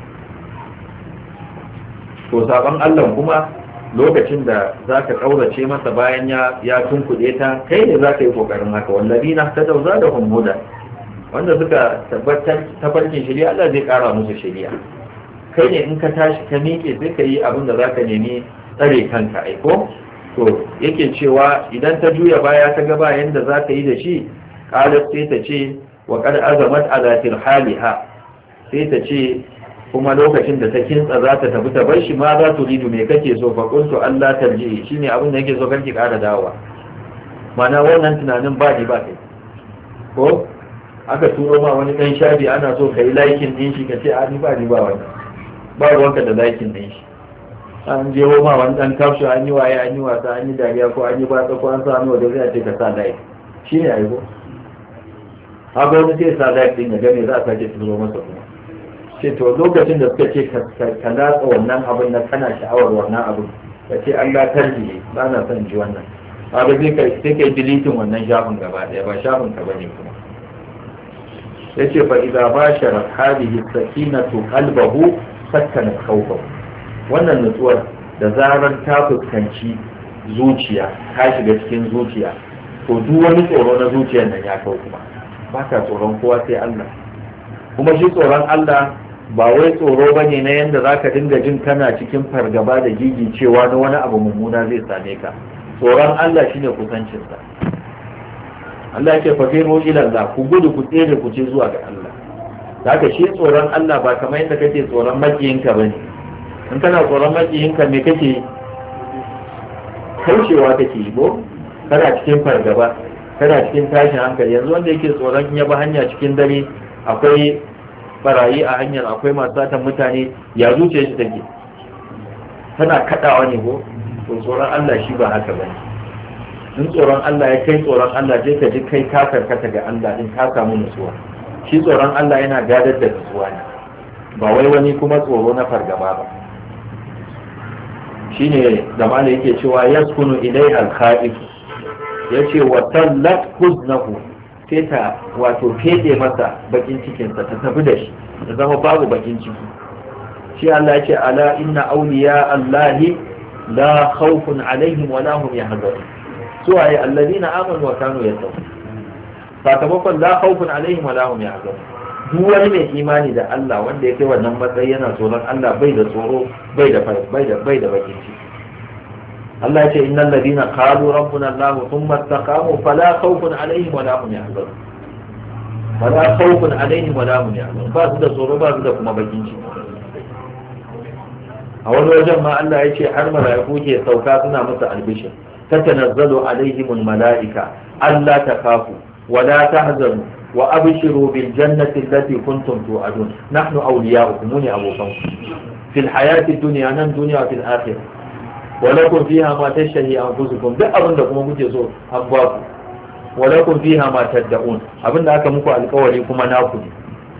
to safan Allah kuma lokacin da za ka ƙaurace masa bayan ya tunkuɗe ta kai ne za ka yi ƙoƙarin haka wallabi na ta dauza da hummuda wanda suka tabbatar tafarkin shari'a Allah zai ƙara musu shari'a kai ne in ka tashi ka miƙe sai ka yi abin da za ka nemi tsare kanka aiko to yake cewa idan ta juya baya ta ga yadda da za ta yi da shi qalat sai ta ce wa qad azamat ala ha, sai ta ce kuma lokacin da ta kintsa za ta tafi ta bar shi ma za tu ridu me kake so fa kuntu Allah tarji shine abin da yake so kanki kara dawowa mana wannan tunanin ba ni ba kai ko aka turo ma wani dan shafi ana so kai likin din shi kace a ni ba ni ba wannan ba ruwanka da likin din shi an je ma wani dan kafshi an yi waye an yi wasa an yi dariya ko an yi batsa ko an sami wadda zai ce ka sa dai shi ne aiko haka wani sai sa dai din ya gane za a sake su zo masa kuma ce to lokacin da suka ce ka latsa wannan abin na kana sha'awar wannan abin ka ce an ga tarbi ba na son ji wannan haka zai ka sai ka yi dilitin wannan shafin gaba daya ba shafin ka bane kuma yace fa idza bashara hadhihi sakinatu qalbahu sakkana khawfahu wannan nutsuwar da zarar ta fuskanci zuciya ta shiga cikin zuciya to duk wani tsoro na zuciyar nan ya kau kuma ba ta tsoron kowa sai Allah kuma shi tsoron Allah ba wai tsoro ba ne na yadda za ka dinga jin kana cikin fargaba da gigi cewa na wani abu mummuna zai same ka tsoron Allah shine kusancinsa Allah yake fafiru roƙi Allah ku gudu ku tsere ku ce zuwa ga Allah ka shi tsoron Allah ba kamar yadda kake tsoron makiyinka bane in kana tsoron makiyinka me kake kaucewa kake yi bo kana cikin fargaba kana cikin tashin hankali yanzu wanda yake tsoron in ya bi hanya cikin dare akwai barayi a hanyar akwai masu satan mutane ya zuce shi take tana kaɗawa ne ko to tsoron Allah shi ba haka bane in tsoron Allah ya kai tsoron Allah je ka ji kai ka karkata ga Allah din ka samu nutsuwa shi tsoron Allah yana gadar da nutsuwa ne ba wai wani kuma tsoro na fargaba ba shine da malai yake cewa yaskunu ilai al-kha'if yace wa tallat huznahu feta wato fede masa bakin cikinsa ta tafi da shi da zama babu bakin ciki shi Allah ya ce ala inna awliya Allahi la khawfun alaihim wa la hum yahzanun su waye allazina amanu wa kanu yattaqun sakamakon la khawfun alaihim wa la hum yahzanun duk wani mai imani da Allah wanda ya kai wannan matsayi yana tsoron Allah bai da tsoro bai da bai da bai da bakin ciki Allah ya ce innal ladina qalu rabbuna Allah thumma taqamu fala khawfun alaihim wala hum yahzanun fala khawfun alaihim wala hum yahzanun ba su da tsoro ba su da kuma bakin ciki a wani wajen ma Allah ya ce har mala'iku ke sauka suna musu albishir tatanazzalu alaihimul mala'ika Allah ta kafu wala tahzanu wa abshiru bil jannati allati kuntum tu'adun nahnu awliya'ukum muni abokan fil hayati dunya nan duniya fil akhirah wa lakum fiha ma tashtahi anfusukum duk abin da kuma kuke so an ba ku wa lakum fiha ma tad'un abin da aka muku alƙawari kuma naku ne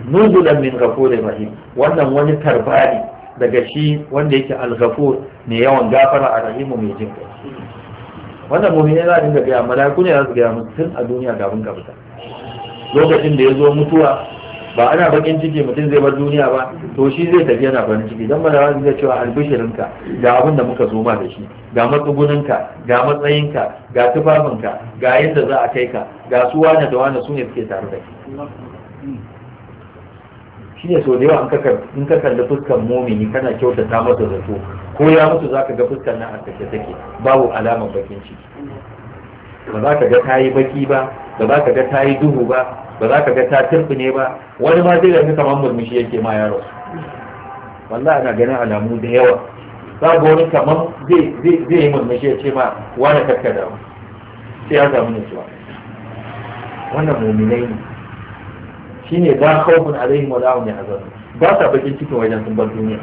nuzulan min ghafurir rahim wannan wani tarba daga shi wanda yake al-ghafur ne yawan gafara a rahimu mai jinka. wannan mu'mini za dinga ga malaku ne za su ga mutum a duniya gaban ka fita lokacin da ya zo mutuwa ba ana bakin ciki mutum zai bar duniya ba to shi zai tafi yana farin ciki dan bada wani zai cewa albishirinka ga abin da muka zoma da shi ga matsugunanka, ga matsayinka ga tufafinka ga yadda za a kai ka ga su wane da wane su ne suke tare da shi shi ne so da yawa in ka kalli fuskar momini kana kyautata masa zato ko ya mutu za ka ga fuskar na a take babu alamar bakin ciki ba za ka ga ta yi baki ba ba za ka ga ta yi duhu ba ba za ka ga ta turfine ba wani ma zai ga kamar murmushi yake ma yaro wallahi ana ganin alamu da yawa babu wani kamar zai yi murmushi yace ma wani kakkada sai ya samu nutsuwa wannan muminai ne shi ne za haukun alaihim wala hum yahzanun ba ta bakin cikin wajen sun bar duniya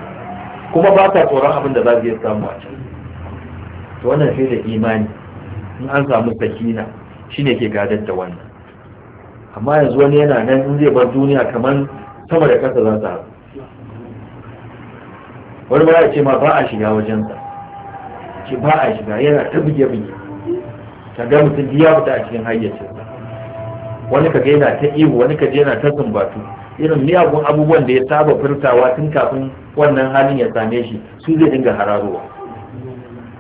kuma ba ta tsoron abin da za su iya samu a can to wannan sai da imani in an samu sakina shine ke gadar da wannan amma yanzu wani yana nan in zai bar duniya kamar sama da kasa za ta wani ba ya ce ma ba a shiga wajensa ce ba a shiga yana ta buge-buge ta ga mutum biya fita a cikin hayyacin wani ka yana ta ihu wani ka yana ta zumbatu irin miyagun abubuwan da ya saba furtawa tun kafin wannan halin ya same shi su zai dinga hararowa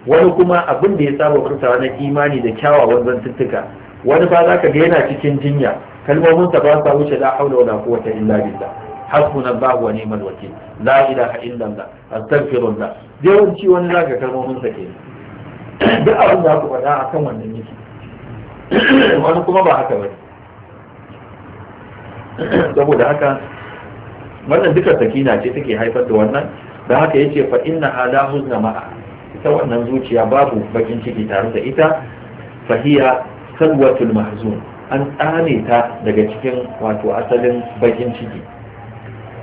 wani kuma abin da ya saba furtawa na imani da kyawawan zantuttuka wani ba za ka ga yana cikin jinya kalmominsa ba sa wuce la haula wala quwwata illa billah hasbuna allah wa ni'mal wakil la ilaha illa allah astaghfirullah dai wani za ka kalmominsa ke duk abin da ku faɗa akan wannan yake wani kuma ba haka bane saboda haka wannan duka sakina ce take haifar da wannan da haka yace fa inna hada huzna ma'a ita wannan zuciya babu bakin ciki tare da ita fahiya salwatul mahzun an tsane ta daga cikin wato asalin bakin ciki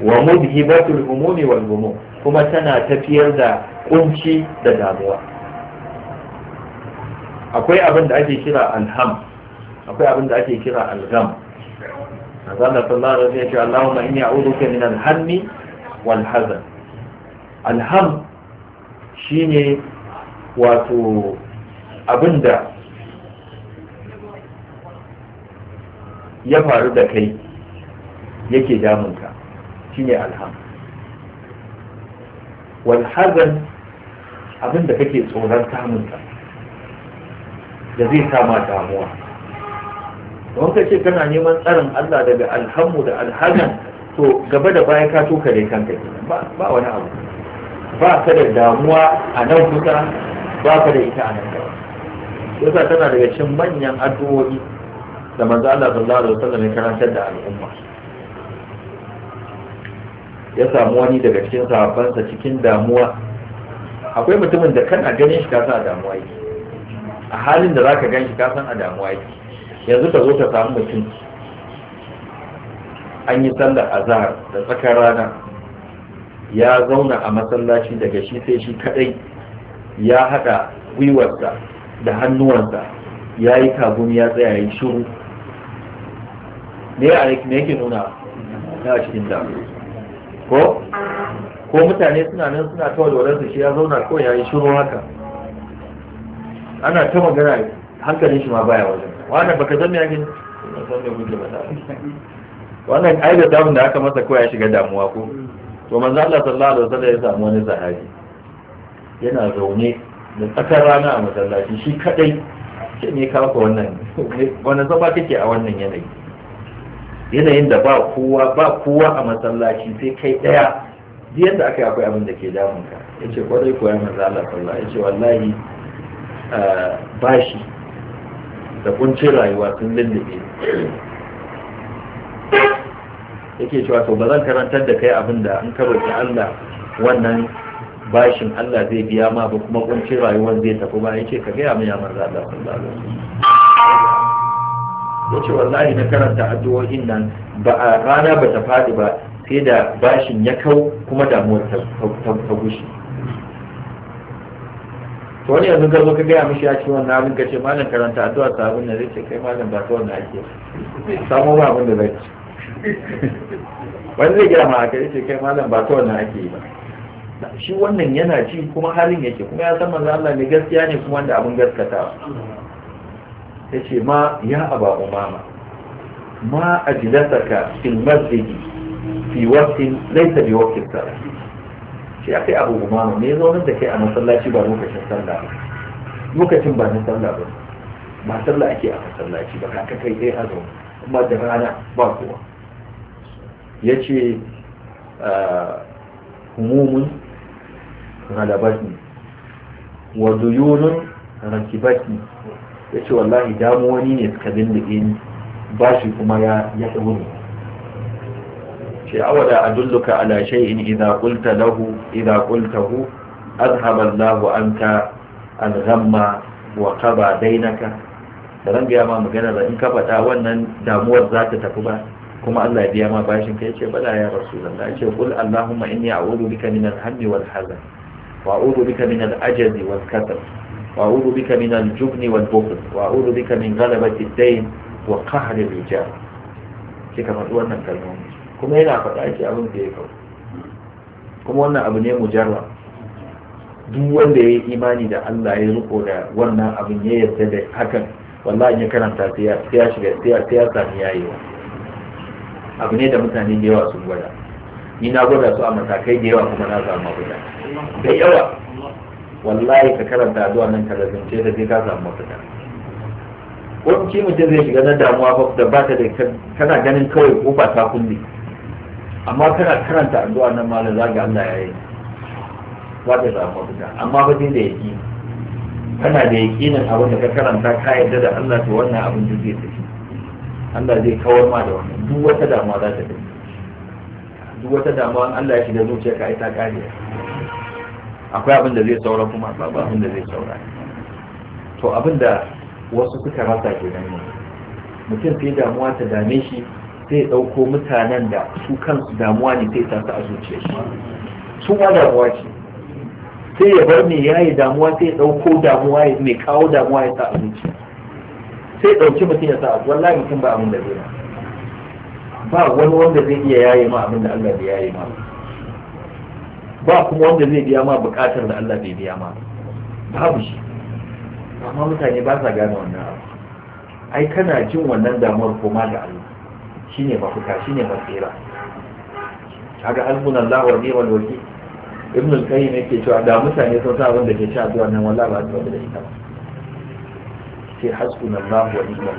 wa mudhibatul humumi wal humum kuma tana tafiyar da kunci da damuwa akwai abin da ake kira alham akwai abin da ake kira algham azalla sallallahu alaihi wa sallam Allahumma inni a'udhuka min alhammi wal hazan alham Shi ne wato abinda ya faru da kai yake damunka shine alham walhazan abinda kake tsoron samunka da zai sama damuwa don ka ce kana neman tsarin Allah daga alhamu da alhazan to gaba da baya ka tuka dai kanka ba wani abu ba ka da damuwa a nan kusa ba ka da ita a nan gaba yasa tana daga cikin manyan addu'o'i da manzo Allah sallallahu alaihi wasallam ya karantar da al'umma ya samu wani daga cikin sahabbansa cikin damuwa akwai mutumin da kana ganin shi ka san a damuwa yake a halin da zaka gan shi ka san a damuwa yake yanzu ka zo ka samu mutum an yi sallar azhar da tsakar rana ya zauna a masallaci daga shi sai shi kadai ya hada gwiwarsa da hannuwansa ya yi kagun ya tsaya ya yi shuru ne a yake nuna na cikin damu ko ko mutane suna nan suna ta walwalarsu shi ya zauna ko ya yi shuru haka ana ta magana hankalin shi ma baya wajen wanda baka zama yakin san me wannan ai da damun da aka masa ko ya shiga damuwa ko to manzo Allah sallallahu alaihi wasallam ya samu wani sahabi yana zaune da tsakar rana a masallaci shi kadai ce me ka ka wannan wani zama kake a wannan yanayi yanayin da ba kowa ba kowa a masallaci sai kai daya duk yadda aka yi akwai abin da ke damun ka yace kwarai ko ya manzo Allah sallallahu yace wallahi bashi da kuncin rayuwa sun lullube yake cewa to ba zan karantar da kai abin da in karo roƙi Allah wannan bashin Allah zai biya ma ba kuma kuncin rayuwar zai tafi ba yake ka gaya min ya manzo Allah sallallahu alaihi wasallam yace wallahi na karanta addu'o'in nan ba a rana ba ta fadi ba sai da bashin ya kau kuma damuwar ta gushi to wani yanzu garba ka gaya mishi ya ce wannan abin ka ce malam karanta addu'a ta abin da zai ce kai malam ba ta wannan ake samu ba abin da zai ce wani zai gina ma aka yace kai malam ba ta wannan ake yi ba shi wannan yana ci kuma halin yake kuma ya san manzo Allah ne gaskiya ne kuma wanda abin gaskata Ya ce ma ya aba umama ma ajlasaka fil masjid fi waqtin laysa bi waqti salat shi akai abu umama me yazo nan da kai a masallaci ba lokacin sallah ba lokacin ba na sallah ba ba sallah ake a masallaci ba ka kai kai azo kuma da rana ba kowa ya ce ah, humumun galabatni wa duyunun rakibatni ya ce wallahi damuwani ne suka bindige ni ba shi kuma ya tsoro ce awada adulluka ala shay'in idza qulta lahu idza qultahu azhaba Allahu anka al-ghamma wa qaba dainaka da ran ga ma magana da in ka faɗa wannan damuwar za ta tafi ba kuma Allah ya biya ma bashin ka yace bala ya rasulullah yace qul allahumma inni a'udhu bika min al-hammi wal hazan wa a'udhu bika min al-ajzi wal kasal wa a'udhu bika min al-jubni wal bukhl wa a'udhu bika min ghalabati ad-dayn wa qahri al-rijal kika faɗi wannan kalmomi kuma yana faɗa yake abin da ya kawo kuma wannan abu ne mujarra duk wanda ya yi imani da Allah ya riko da wannan abin ya yarda da hakan wallahi ya karanta sai ya shiga sai ya sami yayewa abu ne da mutane da yawa sun gwada ni na gwada su a matakai da yawa kuma na samu mafita da yawa wallahi ka karanta addu'a nan ka lazimce da ka samu mafita wani ki mutum zai shiga na damuwa ba da ba ta da kana ganin kawai ko ba ta kulle amma kana karanta addu'a nan malam za ga Allah ya yi za ta samu mafita amma ba sai da yaki kana da yakinin abin da ka karanta ka yarda da Allah to wannan abin da zai tafi Allah zai kawar ma da wannan duk wata damuwa za ta tafi duk wata damuwa Allah ya shiga zuciya ka ita kare akwai abin da zai saura kuma babu abin da zai saura to abin da wasu suka rasa kenan ne mutum sai damuwa ta dame shi sai ɗauko mutanen da su kansu damuwa ne sai ta sa a zuciya shi su ma damuwa ce sai ya bar mai yayi damuwa sai ya ɗauko damuwa mai kawo damuwa ya sa a zuciya sai ɗauki mutum ya sa wallahi mutum ba abin da zai ba wani wanda zai iya yaye ma abin da Allah bai yaye ma ba kuma wanda zai biya ma buƙatar da Allah bai biya ma babu shi amma mutane ba sa gane wannan abu ai kana jin wannan damuwar koma ga Allah shine mafuka shine matsira kaga Allah wa ni'mal wakil ibn al-qayyim yake cewa da mutane sun sa abin da ke ci a nan wallahi ba su da ita ba ce hasbunallahu wa ni'mal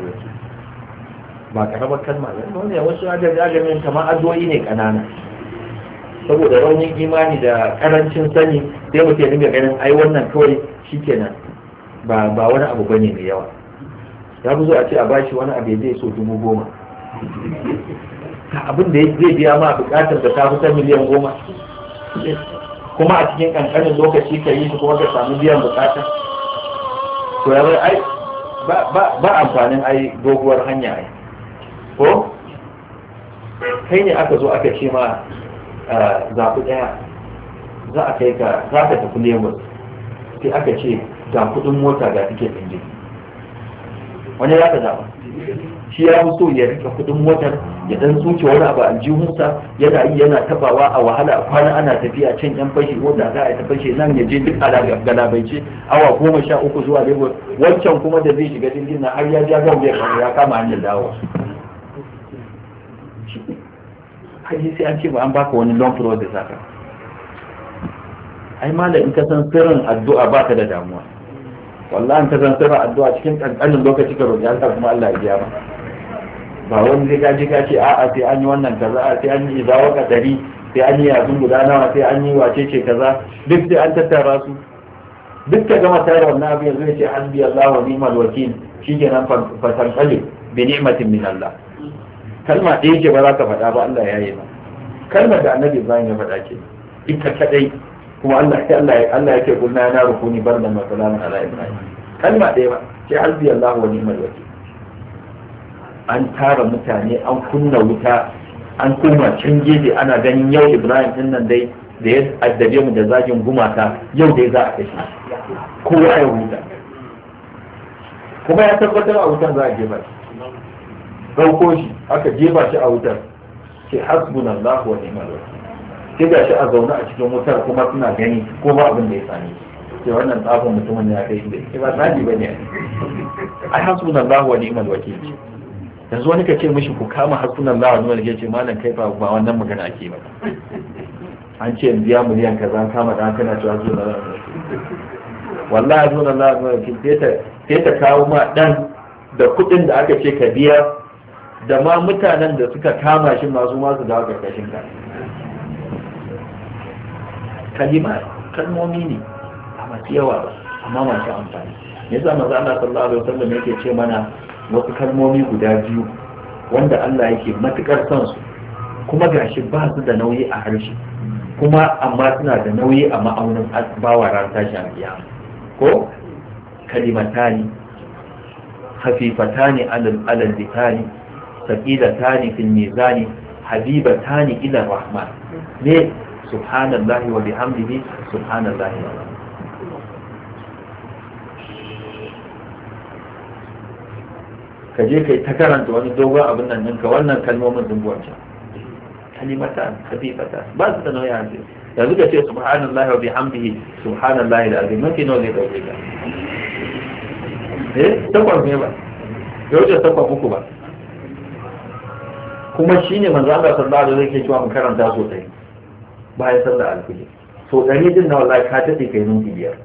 wakil ba karamar kalma ne ya wasu ajamin kamar addu'o'i ne kanana saboda raunin imani da karancin sani sai mutum ya dinga ganin ai wannan kawai shikenan ba ba wani abu bane mai yawa ya fi zo a ce a bashi wani abu zai so dubu goma abin da zai biya ma bukatar da ta fi ta miliyan goma kuma a cikin kankanin lokaci ka yi shi kuma ka samu biyan bukata to ya bai ai ba amfanin ai doguwar hanya ai ko kai ne aka zo aka ce ma zafi daya za a kai ka za ka tafi lemus sai aka ce ga kuɗin mota ga tiket ɗin wani za ka zaɓa shi ya fi so ya rika kudin motar ya dan tsuke wani abu aljihunsa yana yi yana tabawa a wahala a kwana ana tafiya can yan fashi wanda za a yi ta nan ya je duk galabaice awa goma sha uku zuwa lagos wancan kuma da zai shiga jirgin na har ya ja zan bai kama ya kama hanyar dawo haji sai an ce ba an baka wani long da saka. ai malam in ka san sirrin addu'a baka da damuwa wallahi ta san sirra addu'a cikin kankanin lokaci ga roƙi Allah kuma Allah ya biya ba ba wani zai gaji ka ce a'a sai an yi wannan kaza sai an yi izawa ka dari sai an yi yazun guda nawa sai an yi wace ce kaza duk sai an tattara su duk ka gama tare wannan abu yanzu ya ce hasbi Allah wa ni'mal wakil shikenan fa tanqalib bi ni'matin min Allah kalma ɗaya ce ba za ka faɗa ba Allah ya yi ma kalmar da annabi Ibrahim ya faɗa ce ita kadai kuma Allah ya Allah Allah yake gulna na rukuni bardan wa salamun ala ibrahim kalma ɗaya ba sai hasbi Allah wa ni'mal wakil an tara mutane an kunna wuta an kunna can gidi, ana ganin yau ibrahim din nan dai da ya addabe mu da zagin gumata yau dai za a kashe kowa ya huta kuma ya tabbatar a wutan za a jefa shi ɗauko shi aka jefa shi a wutar ce hasbunallahu wa ni'mal wakil sai shi a zaune a cikin wutar kuma suna gani ko ba abin da ya sani, sai wannan tsafin mutumin ya kai shi da ba tsari ba ne ai hasunan lahu wa ni'mal wakil yanzu wani ka ce mishi ku kama hasunan lahu wa ni'mal wakil ce malam kai ba wannan magana ake ba an ce yanzu ya miliyan kaza an kama dan kana cewa zuwa lahu wallahi zuwa lahu wa ni'mal wakil sai ta kawo ma dan da kuɗin da aka ce ka biya da ma mutanen da suka kama shi masu masu dawo karkashin ka kalimar kalmomi ne a masu yawa ba amma masu amfani ya sa maza Allah sallallahu alaihi wasallam yake ce mana wasu kalmomi guda biyu wanda Allah yake matukar son su kuma gashi ba su da nauyi a harshe kuma amma suna da nauyi a ma'aunin bawa ran tashin kiyama ko kalimatani hafifatani على اللسان ثقيلتان في الميزان حبيبتان الى الرحمن ليه subhanallahi wa bihamdihi subhanallahi wa ka je kai ta karanta wani dogon abin nan ɗinka wannan kalmomin sun buwanta kalimata kabibata ba su da nauyi a yanzu ka ce subhanallahi wa bihamdihi subhanallahi da azim mafi nawa zai dauke ka eh takwas ne ba ya wuce takwas uku ba kuma shine manzo Allah sallallahu alaihi wasallam yake cewa mu karanta sosai bayan sallar alfijir so ɗari din na wallahi ka dade kai mun biyar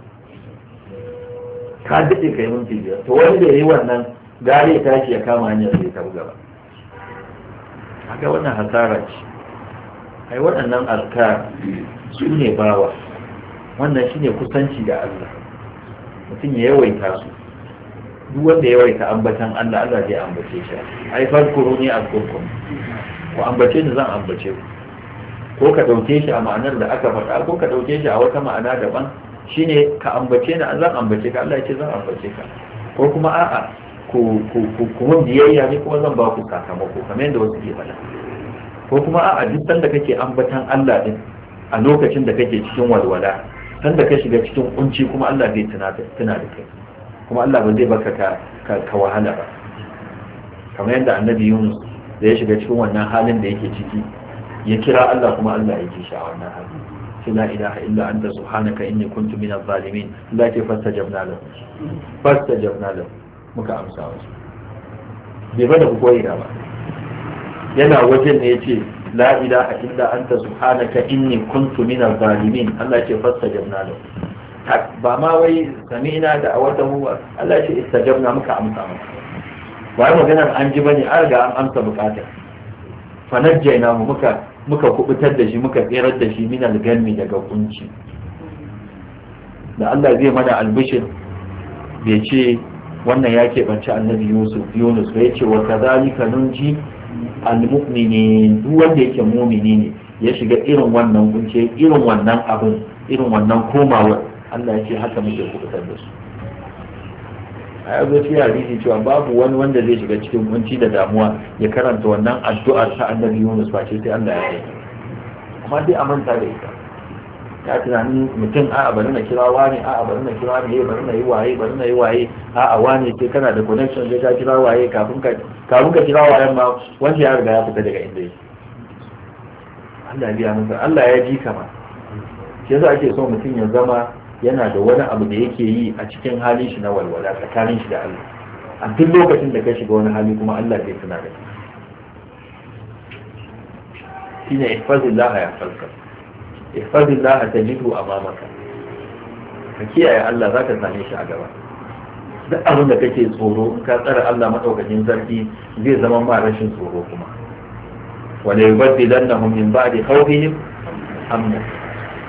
ka dade kai mun biyar to wani da ya yi wannan gare ya tashi ya kama hanyar da ya tafi gaba haka wannan hasara ce ai waɗannan alka su ne bawa wannan shine kusanci da Allah mutum ya yawaita su duk wanda ya yawaita ambatan Allah Allah zai ambace shi ai farko ne a kurkum ku ambace ni zan ambace ku ko ka ɗauke shi a ma'anar da aka faɗa ko ka ɗauke shi a wata ma'ana daban shine ka ambace ni zan ambace ka Allah ya ce zan ambace ka ko kuma a'a ku mun biyayya ne kuma zan ba ku sakamako kamar yadda wasu ke faɗa ko kuma a'a duk sanda kake ambatan Allah din a lokacin da kake cikin walwala sanda ka shiga cikin kunci kuma Allah zai tuna da kai kuma Allah ba zai baka ka ka wahala ba kamar yadda annabi Yunus da ya shiga cikin wannan halin da yake ciki ya kira Allah kuma Allah ya ji a wannan hali shi la ilaha illa anta subhanaka inni kuntu min adh-dhalimin Allah ce fastajabna lahu fastajabna lahu muka amsa wasu bai bada ku koyi ba yana wajen ne yace la ilaha illa anta subhanaka inni kuntu min adh-dhalimin Allah ce fastajabna lahu ba ma wai sami'na da awatahu Allah ce istajabna muka amsa masa ba yi maganar an ji bane an ga an amsa bukatar fanajjai na mu muka muka kubutar da shi muka tsirar da shi min alganmi daga kunci da Allah zai mana albishir bai ce wannan ya keɓanci annabi yusuf yunus bai ce wa kazalika nunji almu'mini duk wanda yake mumini ne ya shiga irin wannan kunci, irin wannan abin irin wannan komawar Allah ya ce haka muke kubutar da su a yazo fi hadisi cewa babu wani wanda zai shiga cikin kunci da damuwa ya karanta wannan addu'ar sa annabi Yunus ba ce sai Allah ya yi amma dai a manta da ita ya tunanin mutum a bari na kira wani a bari na kira ne bari na yi waye bari na yi waye a a wani ke kana da connection da ka kira waye kafin ka kafin ka kira waye ma wanda ya riga ya fita daga inda yake Allah ya biya masa Allah ya ji kama shi yasa ake so mutum ya zama yana da wani abu da yake yi a cikin halin shi na walwala tsakanin shi da Allah a duk lokacin da ka shiga wani hali kuma Allah zai tuna da shi shine ihfazillah ya falka ihfazillah tajidu amamaka ka kiyaye Allah zaka same shi a gaba duk abin da kake tsoro in ka tsara Allah madaukakin sarki zai zama ma rashin tsoro kuma wala yubaddilannahum min ba'di khawfihim amna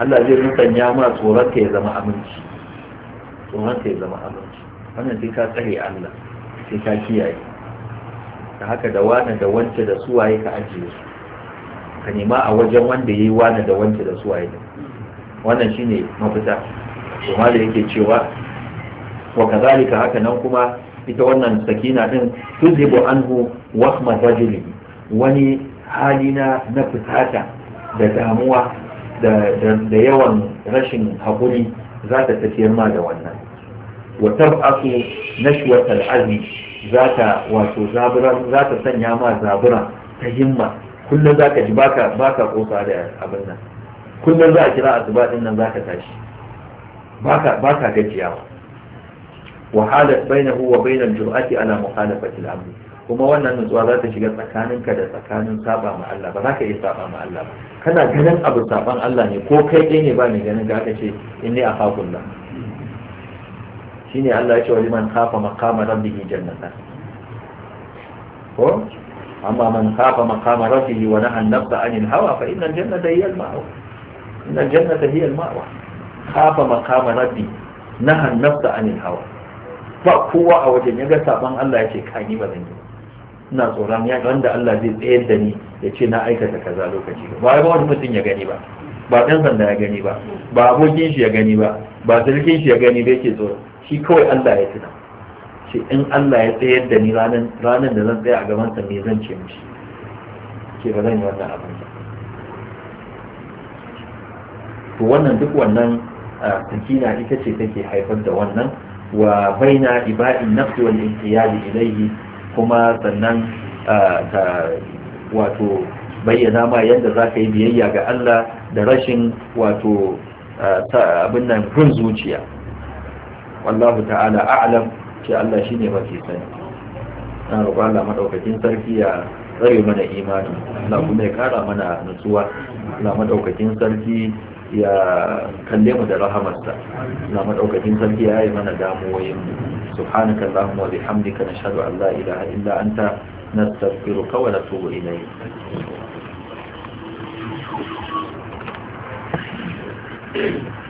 Allah zai ya ma tsoronka ya zama aminci tsoronka ya zama aminci wannan sai ka tsare Allah sai ka kiyaye da haka da wani da wance da waye ka ajiye su ka nema a wajen wanda ya yi wani da wance da suwaye ne wannan shine mafita kuma da yake cewa wa kazalika haka nan kuma ita wannan sakina din tuzibu anhu wahma rajuli wani hali na fitata da damuwa da yawan rashin haƙuri za ta tafiyar ma da wannan Wata tab'asu nashwat al'azmi za ta wato zabura za ta sanya ma zabura ta himma kullum za ka ji ba ka kosa da abin nan kullum za a kira zuba din nan za ka tashi ba ka gajiya wa halat bainahu wa bainar jur'ati ala mukhalafati al kuma wannan nutsuwa za ta shiga tsakaninka da tsakanin saba ma Allah ba za ka iya saba ma Allah ba kana ganin abu saban Allah ne ko kai ɗaya ne ba mai ganin ka aka ce in ne a fakun nan ne Allah ya ce wa liman kafa makama rabbihi jannata ko amma man kafa makama rabbihi wa nahan nafsa anil hawa fa innal jannata hiya al ma'wa innal jannata hiya al ma'wa kafa makama rabbi nahan nafsa anil hawa ba kowa a wajen ya ga saban Allah ya ce kani ba zan yi ina tsoron ya wanda Allah zai tsayar da ni ya ce na aikata kaza lokaci ba ba wani mutum ya gani ba ba ɗan sanda ya gani ba ba abokin shi ya gani ba ba sarkin shi ya gani ba yake tsoro shi kawai Allah ya tuna shi in Allah ya tsayar da ni ranar da zan tsaya a gaban sa me zan ce mishi ke ba zan yi wannan abin ba to wannan duk wannan sakina ita ce take haifar da wannan wa baina ibadin nafsi wal inqiyadi ilayhi kuma sannan ta wato bayyana ma yadda za ka yi biyayya ga Allah da rashin wato abin nan kun zuciya wallahu ta'ala a'lam ce Allah shine mafi sani na roƙon Allah madaukakin sarki ya tsare mana imanin. Allah kuma ya kara mana nutsuwa Allah madaukakin sarki ya kalle mu da rahamarsa na madaukakin sarki ya yi mana damuwoyin subhanaka allahumma wa bihamdika nashhadu an la ilaha illa anta nastaghfiruka wa natubu ilayk Thank you.